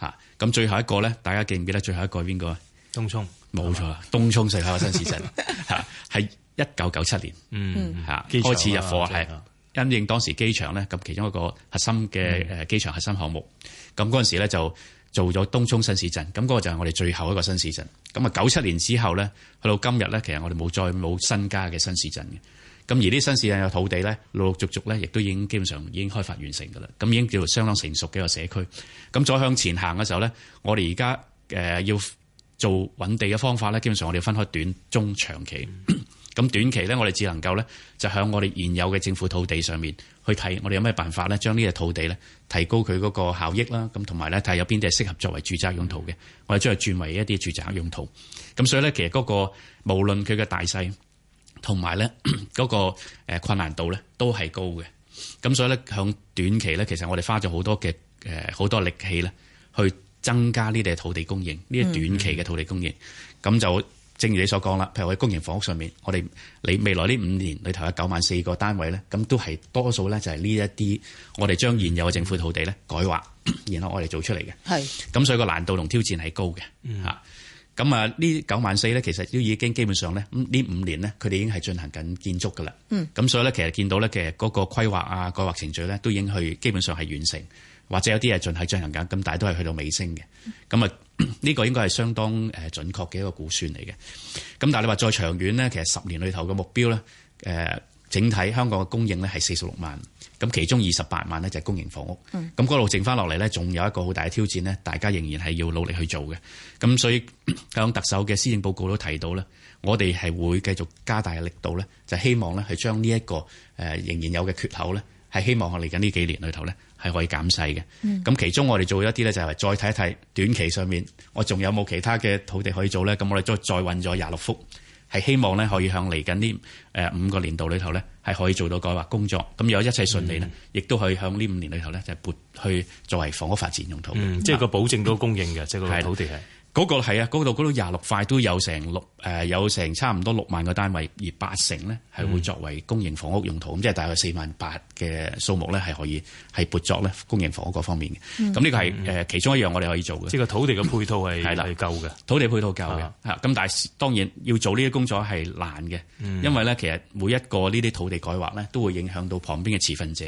嚇咁最後一個呢，大家記唔記得最後一個係邊個？東涌聰，冇錯啦，吧東涌最後一個新市鎮嚇，喺一九九七年，嗯嚇開始入伙，係因應當時機場呢，咁其中一個核心嘅誒機場核心項目。咁嗰陣時咧就。做咗東涌新市鎮，咁、那、嗰個就係我哋最後一個新市鎮。咁啊，九七年之後呢，去到今日呢，其實我哋冇再冇新加嘅新市鎮嘅。咁而呢啲新市鎮嘅土地呢，陸陸續續呢，亦都已經基本上已經開發完成噶啦。咁已經叫做相當成熟嘅一個社區。咁再向前行嘅時候呢，我哋而家誒要做揾地嘅方法呢，基本上我哋要分開短、中、長期。咁、嗯、短期呢，我哋只能夠呢，就響我哋現有嘅政府土地上面。去睇我哋有咩辦法咧，將呢啲土地咧提高佢嗰個效益啦，咁同埋咧睇有邊啲係適合作為住宅用途嘅，我哋將佢轉為一啲住宅用途。咁所以咧，其實嗰個無論佢嘅大細，同埋咧嗰個誒困難度咧都係高嘅。咁所以咧，響短期咧，其實我哋花咗好多嘅誒好多力氣咧，去增加呢啲土地供應，呢啲、嗯、短期嘅土地供應，咁就。正如你所講啦，譬如喺公營房屋上面，我哋你未來呢五年裏頭有九萬四個單位咧，咁都係多數咧就係呢一啲，我哋將現有嘅政府土地咧改劃，然後我哋做出嚟嘅。係是，咁所以個難度同挑戰係高嘅嚇。咁、嗯、啊，呢九萬四咧其實都已經基本上咧，咁呢五年咧佢哋已經係進行緊建築噶啦。嗯，咁所以咧其實見到咧其實嗰個規劃啊、改劃程序咧都已經去基本上係完成。或者有啲嘢仲係進行緊，咁但係都係去到尾聲嘅，咁啊呢個應該係相當誒準確嘅一個估算嚟嘅。咁但係你話再長遠呢，其實十年裏頭嘅目標咧，整體香港嘅供應咧係四十六萬，咁其中二十八萬呢，就係公營房屋，咁嗰度剩翻落嚟咧，仲有一個好大嘅挑戰呢，大家仍然係要努力去做嘅。咁所以，香港特首嘅施政報告都提到咧，我哋係會繼續加大嘅力度咧，就希望咧係將呢一個誒仍然有嘅缺口咧。係希望我嚟緊呢幾年裏頭咧，係可以減細嘅。咁、嗯、其中我哋做一啲咧，就係再睇一睇短期上面，我仲有冇其他嘅土地可以做咧？咁我哋再再搵咗廿六幅，係希望咧可以向嚟緊呢誒五個年度裏頭咧，係可以做到改劃工作。咁如果一切順利咧，嗯、亦都可以向呢五年裏頭咧就撥去作為房屋發展用途。嗯、即係個保證都供應嘅，嗯、即係個土地係。嗰個係啊，嗰度嗰度廿六塊都有成六誒，有成差唔多六萬個單位，而八成咧係會作為公營房屋用途，咁、嗯、即係大概四萬八嘅數目咧係可以係撥作咧公營房屋嗰方面嘅。咁呢、嗯、個係誒其中一樣我哋可以做嘅，即係個土地嘅配套係係夠嘅，土地配套夠嘅嚇。咁吧但係當然要做呢啲工作係難嘅，嗯、因為咧其實每一個呢啲土地改劃咧都會影響到旁邊嘅持份者。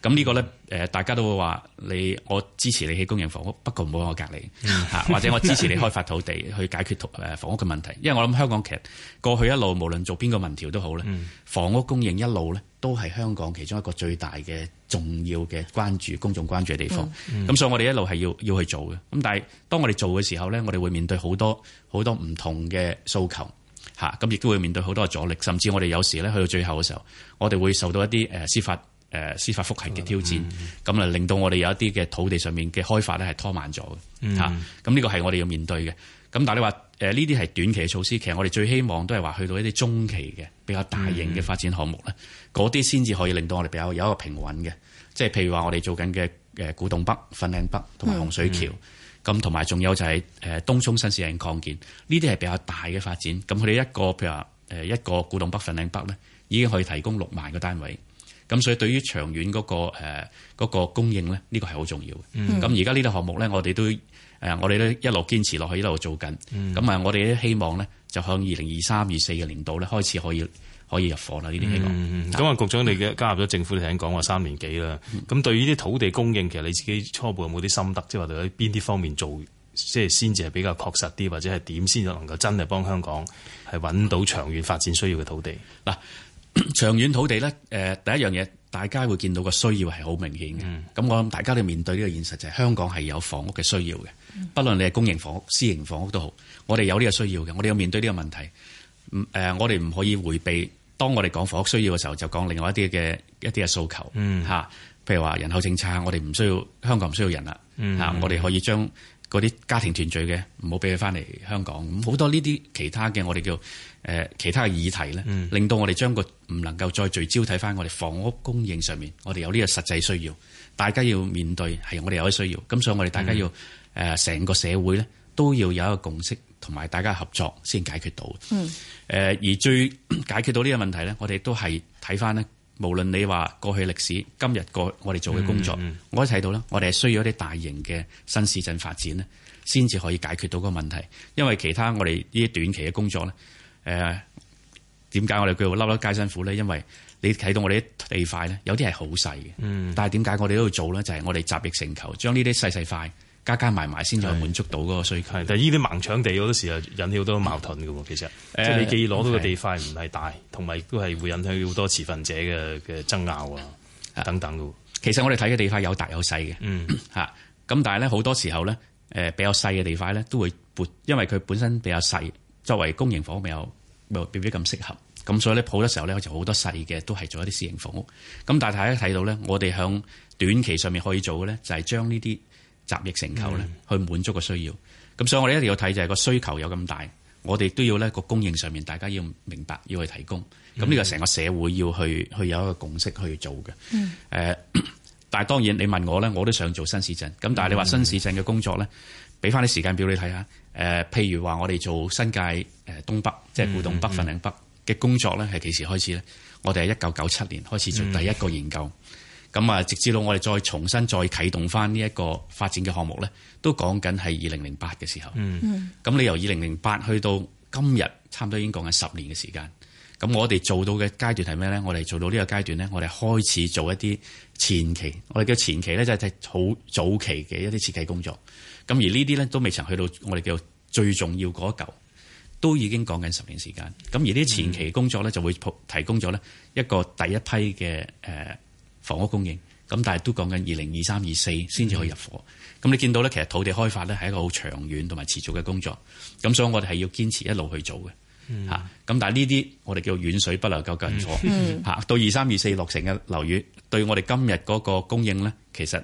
咁呢個咧，誒，大家都會話你，我支持你起公營房屋，不過唔好喺我隔離嚇，嗯、或者我支持你開發土地去解決房屋嘅問題。因為我諗香港其實過去一路無論做邊個民調都好咧，嗯、房屋供應一路咧都係香港其中一個最大嘅重要嘅關注，公眾關注嘅地方。咁、嗯、所以我哋一路係要要去做嘅。咁但係當我哋做嘅時候咧，我哋會面對好多好多唔同嘅訴求嚇，咁亦都會面對好多阻力，甚至我哋有時咧去到最後嘅時候，我哋會受到一啲誒司法。誒司法覆核嘅挑戰，咁啊令到我哋有一啲嘅土地上面嘅開發咧係拖慢咗嘅，咁呢個係我哋要面對嘅。咁但係你話誒呢啲係短期嘅措施，其實我哋最希望都係話去到一啲中期嘅比較大型嘅發展項目啦，嗰啲先至可以令到我哋比較有一個平穩嘅。即係譬如話我哋做緊嘅誒古洞北、粉嶺北同埋洪水橋，咁同埋仲有就係誒東涌新市鎮擴建，呢啲係比較大嘅發展。咁佢哋一個譬如話一個古洞北、粉嶺北咧，已經可以提供六萬個單位。咁所以對於長遠嗰、那個嗰、呃那個、供應咧，呢、這個係好重要嘅。咁而家呢啲項目咧，我哋都、呃、我哋都一路堅持落去，一路做緊。咁啊、嗯，我哋希望咧，就向二零二三、二四嘅年度咧，開始可以可以入伙啦。呢啲希望。咁啊、這個，但局長你嘅加入咗政府，你聽講話三年幾啦。咁、嗯、對於啲土地供應，其實你自己初步有冇啲心得，即係話喺邊啲方面做，即係先至係比較確實啲，或者係點先至能夠真係幫香港係揾到長遠發展需要嘅土地嗱？嗯嗯長遠土地咧，誒，第一樣嘢，大家會見到個需要係好明顯嘅。咁、嗯、我諗，大家都面對呢個現實就係、是、香港係有房屋嘅需要嘅，不論你係公營房屋、私營房屋都好，我哋有呢個需要嘅，我哋要面對呢個問題。誒，我哋唔可以回避，當我哋講房屋需要嘅時候，就講另外一啲嘅一啲嘅訴求，吓、嗯，譬如話人口政策，我哋唔需要香港唔需要人啦，吓、嗯，我哋可以將嗰啲家庭團聚嘅唔好俾佢返嚟香港。好多呢啲其他嘅，我哋叫。誒，其他嘅議題咧，令到我哋將個唔能夠再聚焦睇翻我哋房屋供應上面，我哋有呢個實際需要，大家要面對係我哋有啲需要咁，所以我哋大家要誒成、嗯、個社會咧都要有一個共識，同埋大家合作先解決到。誒、嗯、而最解決到呢個問題咧，我哋都係睇翻咧，無論你話過去歷史今日個我哋做嘅工作，嗯、我都睇到啦。我哋係需要一啲大型嘅新市鎮發展咧，先至可以解決到個問題，因為其他我哋呢啲短期嘅工作咧。誒點解我哋叫做粒粒皆辛苦咧？因為你睇到我哋啲地塊咧，有啲係好細嘅。嗯。但係點解我哋都要做咧？就係、是、我哋集腋成裘，將呢啲細細塊加加埋埋，先至去滿足到嗰個需求。是，但係呢啲盲搶地好多時候引起好多矛盾嘅喎。其實，嗯、即係你既攞到嘅地塊唔係大，同埋、嗯、都係會引起好多持份者嘅嘅爭拗啊等等嘅。嗯嗯、其實我哋睇嘅地塊有大有細嘅。嗯。嚇，咁但係咧好多時候咧，誒比較細嘅地塊咧都會撥，因為佢本身比較細。作為公營房屋未有，未必咁適合，咁所以咧，好多時候咧，好似好多細嘅都係做一啲私營房屋。咁但係大家睇到咧，我哋響短期上面可以做嘅咧，就係將呢啲集益成購咧，去滿足個需要。咁、嗯、所以我哋一定要睇就係個需求有咁大，我哋都要咧個供應上面大家要明白要去提供。咁呢個成個社會要去去有一個共識去做嘅。誒、嗯呃，但係當然你問我咧，我都想做新市鎮。咁但係你話新市鎮嘅工作咧，俾翻啲時間表你睇下。誒、呃，譬如話，我哋做新界誒東北，即係古洞北、粉嶺北嘅工作咧，係幾時開始咧？我哋係一九九七年開始做第一個研究，咁啊、嗯，直至到我哋再重新再啟動翻呢一個發展嘅項目咧，都講緊係二零零八嘅時候。咁、嗯、你由二零零八去到今日，差唔多已經講緊十年嘅時間。咁我哋做到嘅階段係咩咧？我哋做到呢個階段咧，我哋開始做一啲前期，我哋叫前期咧，就係好早期嘅一啲設計工作。咁而呢啲咧都未曾去到我哋叫最重要嗰一嚿，都已經講緊十年時間。咁而啲前期工作咧就會提供咗咧一個第一批嘅誒房屋供應。咁但係都講緊二零二三、二四先至可以入伙。咁、嗯、你見到咧，其實土地開發咧係一個好長遠同埋持續嘅工作。咁所以我哋係要堅持一路去做嘅。咁、嗯、但係呢啲我哋叫遠水不能救近火。嚇，嗯、到二三二四落成嘅樓宇，對我哋今日嗰個供應咧，其實。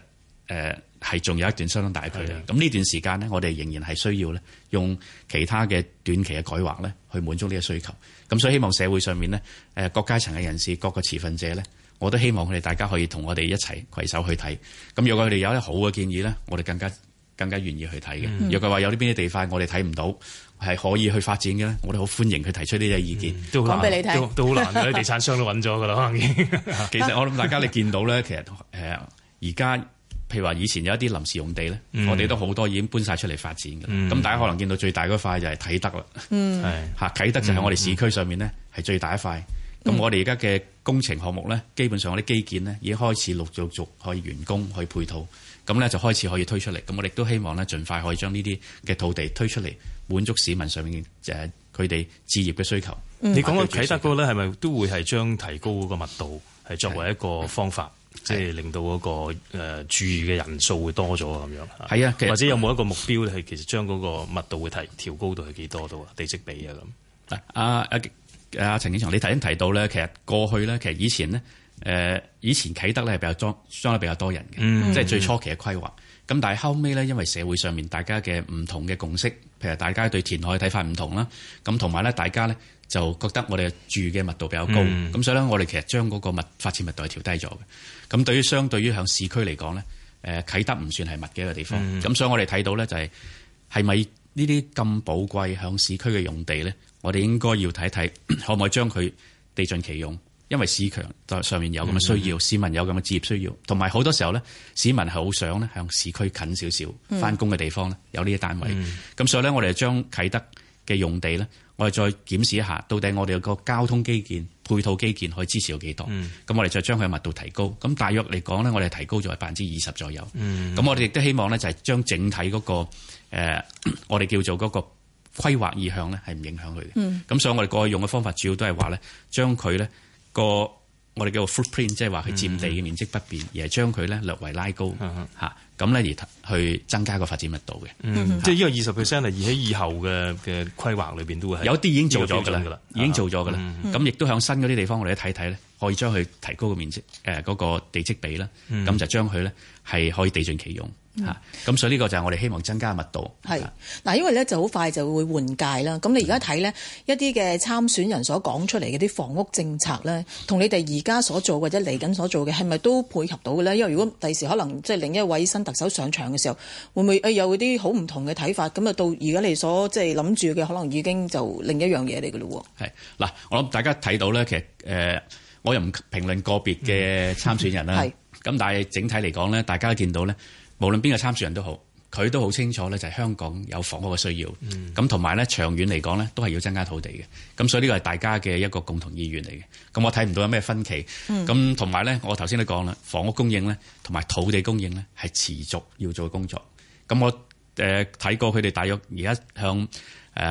誒係仲有一段相當大嘅距離，咁呢的段時間呢，我哋仍然係需要咧用其他嘅短期嘅改劃咧，去滿足呢個需求。咁所以希望社會上面呢，各階層嘅人士、各個持份者咧，我都希望佢哋大家可以同我哋一齊攜手去睇。咁若果佢哋有啲好嘅建議咧，我哋更加更加願意去睇嘅。若佢話有呢邊啲地方我哋睇唔到，係可以去發展嘅，我哋好歡迎佢提出呢啲意見。嗯、都講俾你睇，都好難，啲 地產商都揾咗噶啦。可能已經， 其實我諗大家你見到咧，其實誒而家。譬如話，以前有一啲臨時用地咧，嗯、我哋都好多已經搬晒出嚟發展嘅。咁、嗯、大家可能見到最大嗰塊就係啟德啦，係嚇是啟德就係我哋市區上面咧係最大的一塊。咁、嗯、我哋而家嘅工程項目咧，嗯、基本上嗰啲基建咧已經開始陸續陸續可以完工，去配套。咁咧就開始可以推出嚟。咁我哋都希望咧，盡快可以將呢啲嘅土地推出嚟，滿足市民上面誒佢哋置業嘅需求。嗯、你講個啟德嗰咧，係咪都會係將提高個密度係作為一個方法？嗯嗯即係令到嗰個注意嘅人數會多咗咁樣，啊、或者有冇一個目標係其實將嗰個密度會提調高到係幾多度啊？地積比啊咁啊啊啊！陳景祥，你頭先提到咧，其實過去咧，其實以前呢，誒、呃、以前啟德咧係比較裝裝得比較多人嘅，嗯、即係最初期嘅規劃。咁但係後尾咧，因為社會上面大家嘅唔同嘅共識，譬如大家對填海嘅睇法唔同啦，咁同埋咧，大家咧就覺得我哋住嘅密度比較高，咁、嗯、所以咧，我哋其實將嗰個物發展密度係調低咗嘅。咁對於相對於向市區嚟講咧，誒啟德唔算係密嘅一個地方，咁所以我哋睇到咧就係係咪呢啲咁寶貴向市區嘅用地咧，我哋應該要睇睇可唔可以將佢地盡其用，因為市場就上面有咁嘅需要，嗯、市民有咁嘅置業需要，同埋好多時候咧，市民係好想咧向市區近少少返工嘅地方咧有呢啲單位，咁、嗯、所以咧我哋就將啟德嘅用地咧。我哋再檢視一下，到底我哋個交通基建、配套基建可以支持到幾多？咁、嗯、我哋就將佢密度提高。咁大約嚟講咧，我哋提高咗係百分之二十左右。咁、嗯、我哋亦都希望咧，就係將整體嗰個誒，我哋叫做嗰個規劃意向咧，係唔影響佢嘅。咁、嗯、所以，我哋過去用嘅方法主要都係話咧，將佢咧個。我哋叫 footprint，即係話佢佔地嘅面積不變，嗯、而係將佢咧略為拉高咁咧、嗯、而去增加個發展密度嘅。嗯、是即係呢個二十 percent 而喺以後嘅嘅規劃裏面都係有啲已經做咗㗎啦，已經做咗㗎啦。咁亦都向新嗰啲地方我哋一睇睇咧，可以將佢提高個面積，嗰、呃嗰個地積比啦，咁、嗯、就將佢咧係可以地盡其用。嚇！咁、嗯、所以呢個就係我哋希望增加嘅密度。係嗱，因為咧就好快就會換屆啦。咁你而家睇咧一啲嘅參選人所講出嚟嘅啲房屋政策咧，同你哋而家所做或者嚟緊所做嘅係咪都配合到嘅咧？因為如果第時可能即係另一位新特首上場嘅時候，會唔會有嗰啲好唔同嘅睇法？咁啊到而家你所即係諗住嘅可能已經就另一樣嘢嚟嘅咯喎。係嗱，我諗大家睇到咧，其實、呃、我又唔評論個別嘅參選人啦。係、嗯。咁但係整體嚟講咧，大家見到咧。無論邊個參選人都好，佢都好清楚咧，就係香港有房屋嘅需要，咁同埋咧長遠嚟講咧，都係要增加土地嘅。咁所以呢個係大家嘅一個共同意願嚟嘅。咁我睇唔到有咩分歧。咁同埋咧，我頭先都講啦，房屋供應咧，同埋土地供應咧，係持續要做工作。咁我誒睇過佢哋，大約而家向誒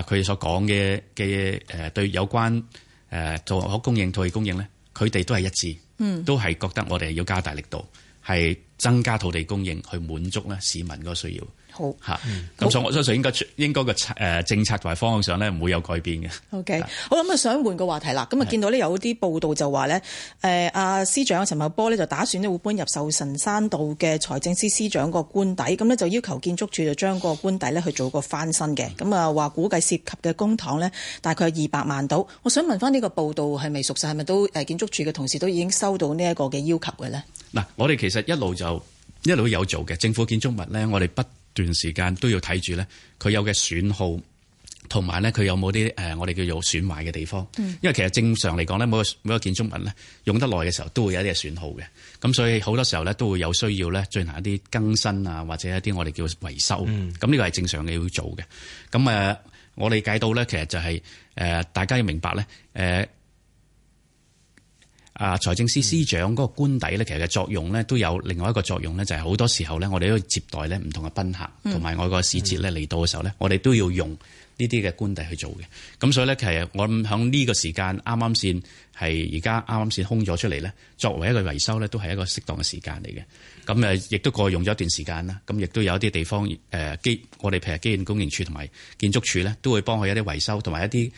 佢哋所講嘅嘅誒對有關誒房屋供應、土地供應咧，佢哋都係一致，都係覺得我哋要加大力度，係。增加土地供應去滿足咧市民個需要。好嚇，咁、嗯、所以我相信應該應該個誒政策同埋方向上呢，唔會有改變嘅。O K，我諗啊，想換個話題啦。咁啊的，見到呢，有啲報道就話呢，誒阿司長陳茂波呢，就打算咧會搬入壽神山道嘅財政司司長個官邸，咁呢，就要求建築署就將個官邸呢去做個翻新嘅。咁啊話估計涉及嘅公帑呢，大概係二百萬度。我想問翻呢個報道係咪屬實？係咪都誒建築署嘅同事都已經收到呢一個嘅要求嘅呢？嗱，我哋其實一路就一路有做嘅，政府建築物咧，我哋不斷時間都要睇住咧，佢有嘅損耗，同埋咧佢有冇啲誒，我哋叫做損壞嘅地方。嗯、因為其實正常嚟講咧，每個每個建築物咧用得耐嘅時候，都會有一啲嘅損耗嘅。咁所以好多時候咧，都會有需要咧進行一啲更新啊，或者一啲我哋叫做維修。咁呢個係正常嘅要做嘅。咁我理解到咧，其實就係、是、誒、呃，大家要明白咧，誒、呃。啊，財政司司長嗰個官邸咧，其實嘅作用咧，都有另外一個作用咧，就係好多時候咧，我哋都要接待咧唔同嘅賓客，同埋外國使節咧嚟到嘅時候咧，我哋都要用呢啲嘅官邸去做嘅。咁所以咧，其實我響呢個時間啱啱先係而家啱啱先空咗出嚟咧，作為一個維修咧，都係一個適當嘅時間嚟嘅。咁誒，亦都過用咗一段時間啦。咁亦都有一啲地方誒基我哋譬如基建供應處同埋建築處咧，都會幫佢一啲維修同埋一啲。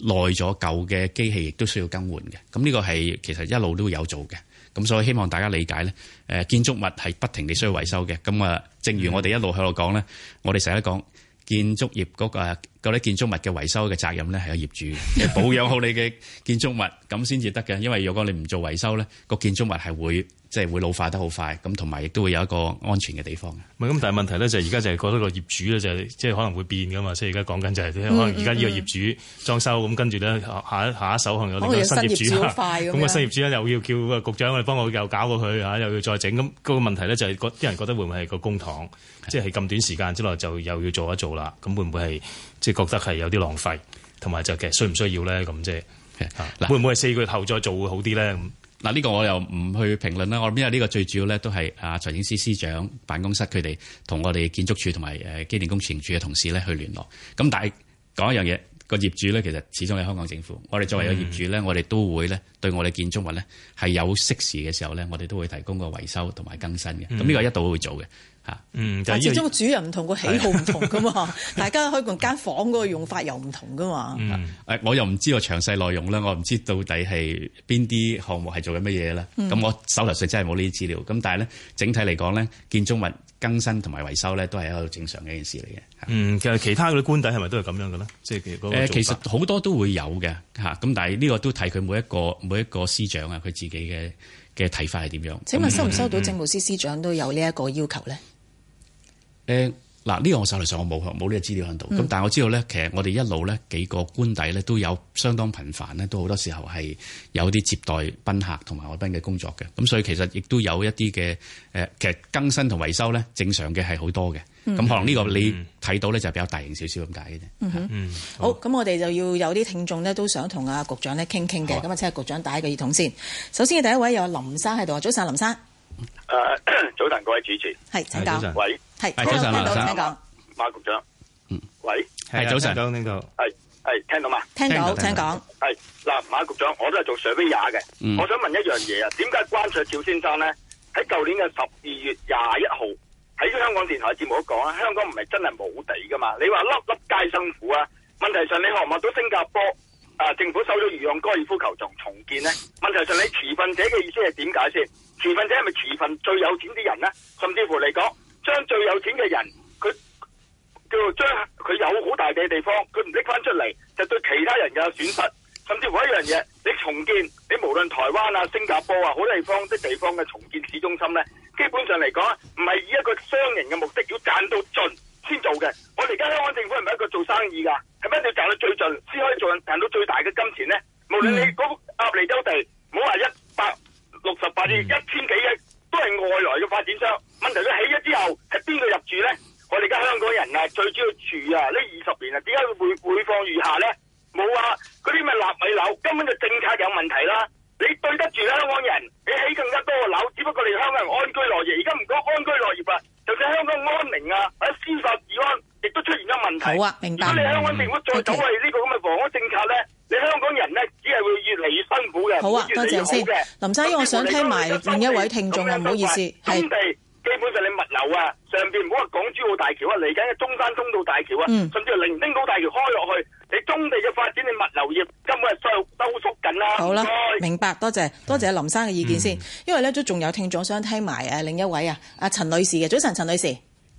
耐咗舊嘅機器亦都需要更換嘅，咁呢個係其實一路都會有做嘅，咁所以希望大家理解咧。誒，建築物係不停地需要維修嘅，咁啊，正如我哋一路喺度講咧，我哋成日講，建築業嗰個嗰啲建築物嘅維修嘅責任咧係有業主，要保養好你嘅建築物，咁先至得嘅，因為如果你唔做維修咧，個建築物係會。即係會老化得好快，咁同埋亦都會有一個安全嘅地方。咁，但係問題咧就係而家就係覺得個業主咧就係即係可能會變噶嘛。即係而家講緊就係可能而家呢個業主裝修咁，跟住咧下一下一手可能有另一個新業主咁個新業主咧又要叫個局長嚟幫我又搞過佢又要再整咁，咁個問題咧就係、是、啲人覺得會唔會係個公堂，即係咁短時間之內就又要做一做啦？咁會唔會係即係覺得係有啲浪費，同埋就其實需唔需要咧？咁即係會唔會係四個月後再做會好啲咧？嗱呢個我又唔去評論啦，我諗因為呢個最主要咧，都係啊財政司司長辦公室佢哋同我哋建築署同埋誒機電工程署嘅同事咧去聯絡。咁但係講一樣嘢，個業主咧其實始終係香港政府。我哋作為一個業主咧，我哋都會咧對我哋建築物咧係有適時嘅時候咧，我哋都會提供個維修同埋更新嘅。咁呢個一度會做嘅。吓，嗯，但係始終主人唔同，個喜好唔同噶嘛， 大家開個間房個用法又唔同噶嘛。誒、嗯，我又唔知個詳細內容啦，我唔知到底係邊啲項目係做緊乜嘢啦。咁、嗯、我手頭上真係冇呢啲資料。咁但係咧，整體嚟講咧，建築物更新同埋維修咧，都係一個正常嘅一件事嚟嘅。嗯，其實其他嘅官邸係咪都係咁樣嘅咧？即係其嗰個做法。誒，其實好多都會有嘅吓，咁但係呢個都睇佢每一個每一個司長啊，佢自己嘅嘅睇法係點樣？請問收唔收到政務司司、嗯嗯、長都有呢一個要求咧？誒嗱，呢、呃這個我手頭上我冇冇呢個資料喺度咁，嗯、但係我知道咧，其實我哋一路咧幾個官邸咧都有相當頻繁咧，都好多時候係有啲接待賓客同埋外賓嘅工作嘅。咁所以其實亦都有一啲嘅、呃、其實更新同維修咧正常嘅係好多嘅。咁、嗯、可能呢個你睇到咧就比較大型少少咁解嘅啫。嗯哼嗯、好咁，好我哋就要有啲聽眾咧都想同阿局長咧傾傾嘅咁啊，好請阿局長打一個耳筒先。首先第一位有林生喺度啊，早晨林生。誒，早晨各位主持。係，請教。上係是早晨上，早晨到。馬局長，嗯，喂，係早晨，你好到，係係聽到嗎？聽到，請講。係嗱，馬局長，我都係做水尾廿嘅，我想問一樣嘢啊，點解關焯照先生咧？喺舊年嘅十二月廿一號喺香港電台節目都講啊，香港唔係真係冇地噶嘛？你話粒粒皆辛苦啊？問題上你學唔學到新加坡啊？政府收咗魚養高爾夫球場重建咧？問題上你持份者嘅意思係點解先？持份者係咪持份最有錢啲人咧？甚至乎你講。將最有錢嘅人，佢叫做將佢有好大嘅地方，佢唔拎翻出嚟，就對其他人嘅有損失。甚至乎一樣嘢，你重建，你無論台灣啊、新加坡啊，好多地方啲地方嘅重建市中心咧，基本上嚟講，唔係以一個商人嘅目的，要賺到盡先做嘅。我哋而家香港政府係咪一個做生意噶？係咪一定要賺到最盡先可以做賺到最大嘅金錢咧？無論你嗰、那個鴨脷洲地，唔好話一百六十八億，一千幾億。1> 1, 都係外來嘅發展商，問題佢起咗之後，係邊個入住呢？我哋而家香港人啊，最主要住啊，呢二十年啊，點解會會放如下呢？冇啊，嗰啲咪納米樓，根本就政策有問題啦。你對得住香港人，你起更加多樓，只不過你香港人安居樂業。而家唔講安居樂業啊，就算香港安寧啊，喺司法治安亦都出現咗問題。好啊，明白。如果你香港政府再阻礙呢個咁嘅房屋政策咧，Okay 你香港人咧只係會越嚟越辛苦嘅。好啊，越越好多謝。林生，我想聽埋另一位聽眾，唔好意思，係。本地基本上你物流啊，上邊唔好話港珠澳大橋啊，嚟緊嘅中山通道大橋啊，嗯、甚至係伶仃島大橋開落去。你中地嘅發展，你物流業根本係收收縮緊啦。好啦吧，託明白，多謝多謝阿林生嘅意見先。嗯、因為咧都仲有聽眾想聽埋誒另一位啊，阿陳女士嘅。早晨，陳女士。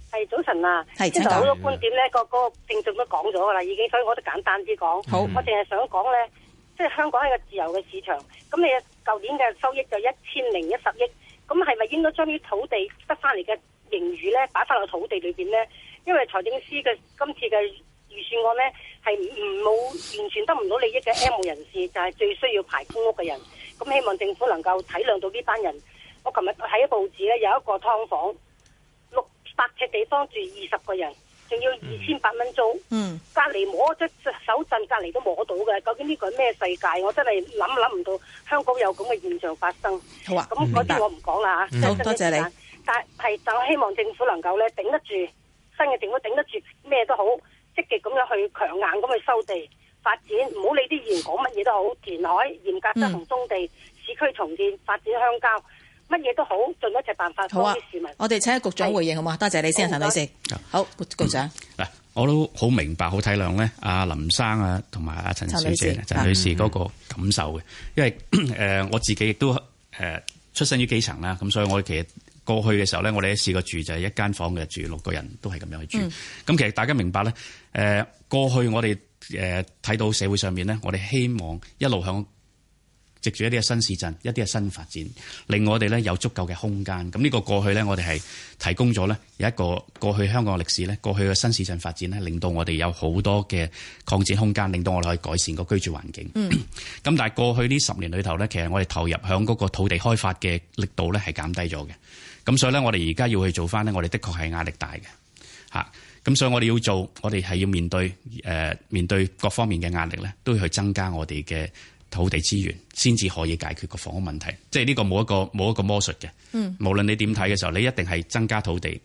係早晨啊。係，請講。即係好多觀點咧，那個嗰、那個聽眾都講咗噶啦，已經，所以我都簡單啲講。好，我淨係想講咧，即係香港係個自由嘅市場。咁你舊年嘅收益就一千零一十億，咁係咪應該將啲土地得翻嚟嘅盈餘咧，擺翻落土地裏邊咧？因為財政司嘅今次嘅預算案咧。係唔冇完全得唔到利益嘅 M 人士，就係、是、最需要排公屋嘅人。咁希望政府能夠體諒到呢班人。我琴日喺報紙咧有一個劏房，六百尺地方住二十個人，仲要二千八蚊租。嗯，隔離摸即手震隔離都摸到嘅。究竟呢個係咩世界？我真係諗諗唔到香港有咁嘅現象發生。好啊，咁嗰啲我唔講啦吓。多謝你。但係就希望政府能夠咧頂得住，新嘅政府頂得住，咩都好。積極咁樣去強硬咁去收地發展，唔好理啲議員講乜嘢都好，填海、嚴格執行棕地、市區重建、發展鄉郊，乜嘢都好，盡一切辦法幫啲市民。啊、我哋請局長回應、哎、好嘛？多謝，謝你先，陳女士。好，局長嗱、嗯、我都好明白、好體諒咧，阿林生啊，同埋阿陳小姐、陳女士嗰個、嗯、感受嘅，因為誒、呃，我自己亦都誒，出身於基層啦，咁所以我其實過去嘅時候咧，我哋都試過住就係、是、一間房嘅住六個人，都係咁樣去住。咁、嗯、其實大家明白咧。誒，過去我哋誒睇到社會上面咧，我哋希望一路向藉住一啲嘅新市鎮、一啲嘅新發展，令我哋咧有足夠嘅空間。咁、這、呢個過去咧，我哋係提供咗咧有一個過去香港嘅歷史咧，過去嘅新市鎮發展咧，令到我哋有好多嘅擴展空間，令到我哋去改善個居住環境。咁、嗯、但係過去呢十年裏頭咧，其實我哋投入響嗰個土地開發嘅力度咧係減低咗嘅。咁所以咧，我哋而家要去做翻咧，我哋的確係壓力大嘅吓。咁所以，我哋要做，我哋係要面對誒、呃、面對各方面嘅壓力咧，都要去增加我哋嘅土地資源，先至可以解決個房屋問題。即係呢個冇一個冇一個魔術嘅。嗯，無論你點睇嘅時候，你一定係增加土地，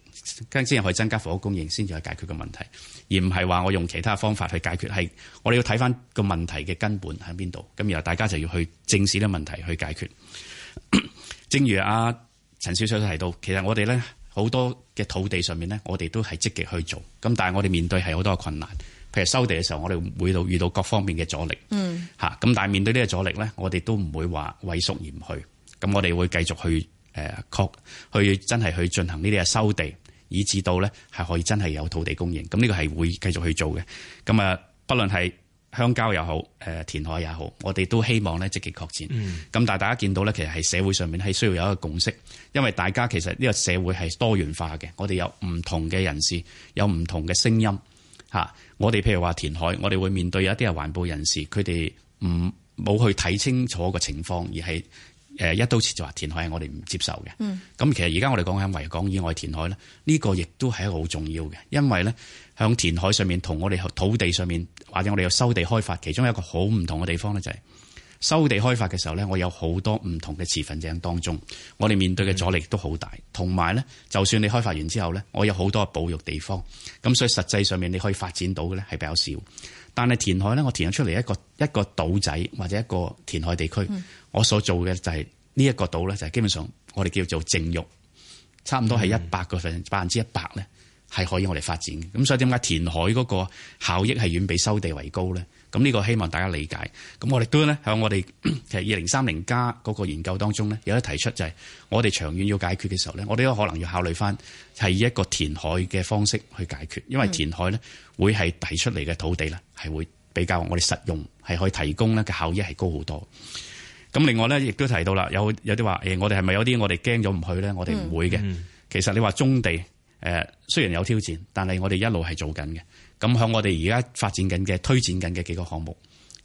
跟先至可以增加房屋供應，先至去解決個問題，而唔係話我用其他方法去解決。係我哋要睇翻個問題嘅根本喺邊度。咁然後大家就要去正視呢個問題去解決。 正如阿、啊、陳少少提到，其實我哋咧。好多嘅土地上面咧，我哋都係積極去做，咁但係我哋面對係好多嘅困難，譬如收地嘅時候，我哋會到遇到各方面嘅阻力，吓、嗯，咁但係面對呢個阻力咧，我哋都唔會話畏縮而唔去。咁我哋會繼續去誒確、呃、去真係去進行呢啲嘅收地，以至到咧係可以真係有土地供應，咁呢個係會繼續去做嘅。咁啊，不論係。鄉郊又好，誒填海也好，我哋都希望咧積極擴展。咁、嗯、但係大家見到咧，其實係社會上面係需要有一個共識，因為大家其實呢個社會係多元化嘅，我哋有唔同嘅人士，有唔同嘅聲音嚇。我哋譬如話填海，我哋會面對有啲係環保人士，佢哋唔冇去睇清楚個情況，而係。誒，一刀切就話填海係我哋唔接受嘅。咁、嗯、其實而家我哋講緊維港以外的填海咧，呢、呢個亦都係一個好重要嘅，因為咧向填海上面同我哋土地上面，或者我哋有收地開發，其中一個好唔同嘅地方咧、就是，就係收地開發嘅時候咧，我有好多唔同嘅持份者當中，我哋面對嘅阻力都好大。同埋咧，就算你開發完之後咧，我有好多嘅保育地方，咁所以實際上面你可以發展到嘅咧係比較少。但係填海咧，我填咗出嚟一個一個島仔或者一個填海地區，嗯、我所做嘅就係呢一個島咧，就係、是、基本上我哋叫做淨用，差唔多係一百個百分之一百咧，係可以我哋發展嘅。咁所以點解填海嗰個效益係遠比收地為高咧？咁呢個希望大家理解。咁我哋都咧喺我哋其實二零三零加嗰個研究當中咧，有得提出就係我哋長遠要解決嘅時候咧，我哋都可能要考慮翻係以一個填海嘅方式去解決，因為填海咧會係提出嚟嘅土地咧係會比較我哋實用係可以提供咧嘅效益係高好多。咁另外咧亦都提到啦，有有啲話、呃、我哋係咪有啲我哋驚咗唔去咧？我哋唔會嘅。嗯、其實你話棕地誒、呃，雖然有挑戰，但係我哋一路係做緊嘅。咁向我哋而家發展緊嘅推展緊嘅幾個項目，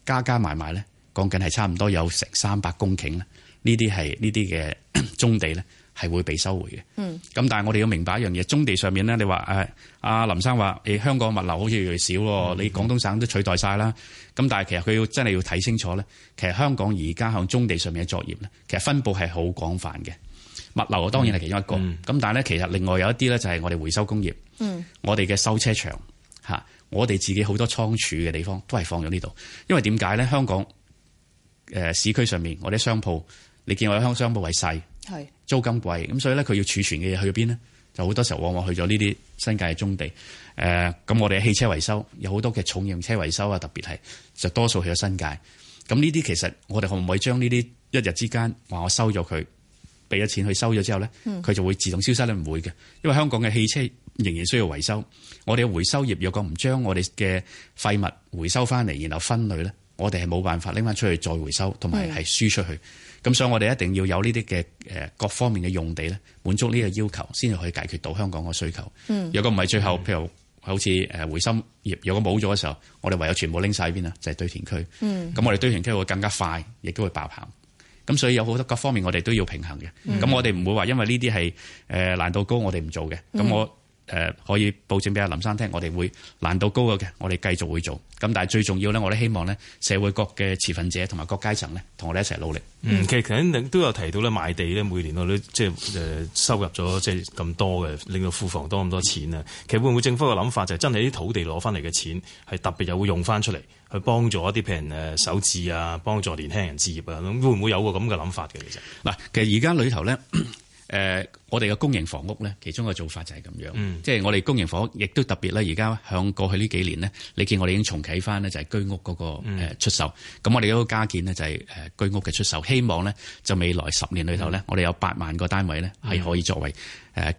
加加埋埋咧，講緊係差唔多有成三百公頃咧。呢啲係呢啲嘅棕地咧，係會被收回嘅。嗯。咁但係我哋要明白一樣嘢，棕地上面咧，你話誒阿林生話誒香港物流好似越嚟越少，你廣東省都取代晒啦。咁、嗯、但係其實佢要真係要睇清楚咧，其實香港而家向棕地上面嘅作業咧，其實分布係好廣泛嘅。物流當然係其中一個。咁、嗯、但係咧，其實另外有一啲咧就係我哋回收工業。嗯。我哋嘅收車場。吓！我哋自己好多倉儲嘅地方都係放咗呢度，因為點解咧？香港、呃、市區上面我哋商鋪，你見我哋香港商鋪位細，是租金貴，咁所以咧，佢要儲存嘅嘢去咗邊咧？就好多時候往往去咗呢啲新界嘅棕地。咁、呃、我哋汽車維修有好多嘅重型車維修啊，特別係就多數去咗新界。咁呢啲其實我哋可唔可以將呢啲一日之間話我收咗佢，俾咗錢去收咗之後咧，佢就會自動消失咧？唔會嘅，因為香港嘅汽車。仍然需要回收，我哋嘅回收業若果唔將我哋嘅廢物回收翻嚟，然後分類咧，我哋係冇辦法拎翻出去再回收，同埋係輸出去。咁的所以我哋一定要有呢啲嘅各方面嘅用地咧，滿足呢個要求先至可以解決到香港嘅需求。嗯，若果唔係最後譬如好似回收業若果冇咗嘅時候，我哋唯有全部拎晒喺邊啊？就係堆填區。嗯，咁我哋堆填區會更加快，亦都會爆棚。咁所以有好多各方面我哋都要平衡嘅。咁、嗯、我哋唔會話因為呢啲係誒難度高，我哋唔做嘅。咁我、嗯誒、呃、可以保證俾阿林生聽，我哋會難度高嘅，我哋繼續會做。咁但係最重要咧，我哋希望咧，社會各嘅持份者同埋各階層咧，同我哋一齊努力。嗯、其實肯定都有提到咧，賣地咧每年我哋即係收入咗即係咁多嘅，令到庫房多咁多錢啊。其實會唔會政府嘅諗法就係、是、真係啲土地攞翻嚟嘅錢係特別又會用翻出嚟，去幫助一啲譬如首置啊，幫助年輕人置業啊，咁會唔會有個咁嘅諗法嘅？其實嗱，其實而家裏頭咧。誒、呃，我哋嘅公營房屋咧，其中一個做法就係咁樣，嗯、即係我哋公營房屋亦都特別咧。而家響過去呢幾年呢，你見我哋已經重啟翻呢，就係居屋嗰、嗰個、嗯呃、出售。咁我哋嗰個加建呢，就係居屋嘅出售。希望呢，就未來十年裏頭呢，嗯、我哋有八萬個單位呢，係、嗯、可以作為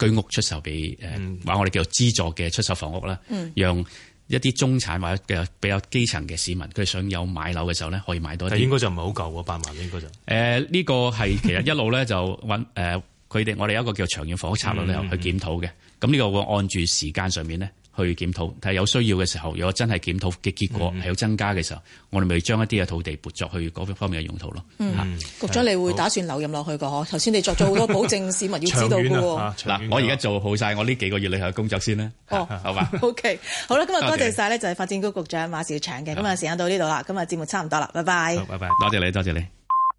居屋出售俾誒，話、呃嗯、我哋叫做資助嘅出售房屋啦，嗯、讓一啲中產或者嘅比較基層嘅市民，佢想有買樓嘅時候呢，可以買多啲。但應該就唔係好夠喎，八萬應該就誒呢、呃這個係其實一路咧就揾誒。 佢哋我哋有一個叫長遠房屋策略咧，由去檢討嘅。咁呢個會按住時間上面咧去檢討，睇有需要嘅時候，如果真係檢討嘅結果係有增加嘅時候，我哋咪將一啲嘅土地撥作去嗰方面嘅用途咯。局長你會打算留任落去個嗬？頭先你作咗好多保證，市民要知道嘅喎。嗱，我而家做好晒我呢幾個月你去嘅工作先啦。好嘛？O K，好啦，今日多謝晒咧，就係發展局局長馬紹祥嘅。咁啊，時間到呢度啦，咁啊，節目差唔多啦，拜拜。好，拜拜。多謝你，多謝你。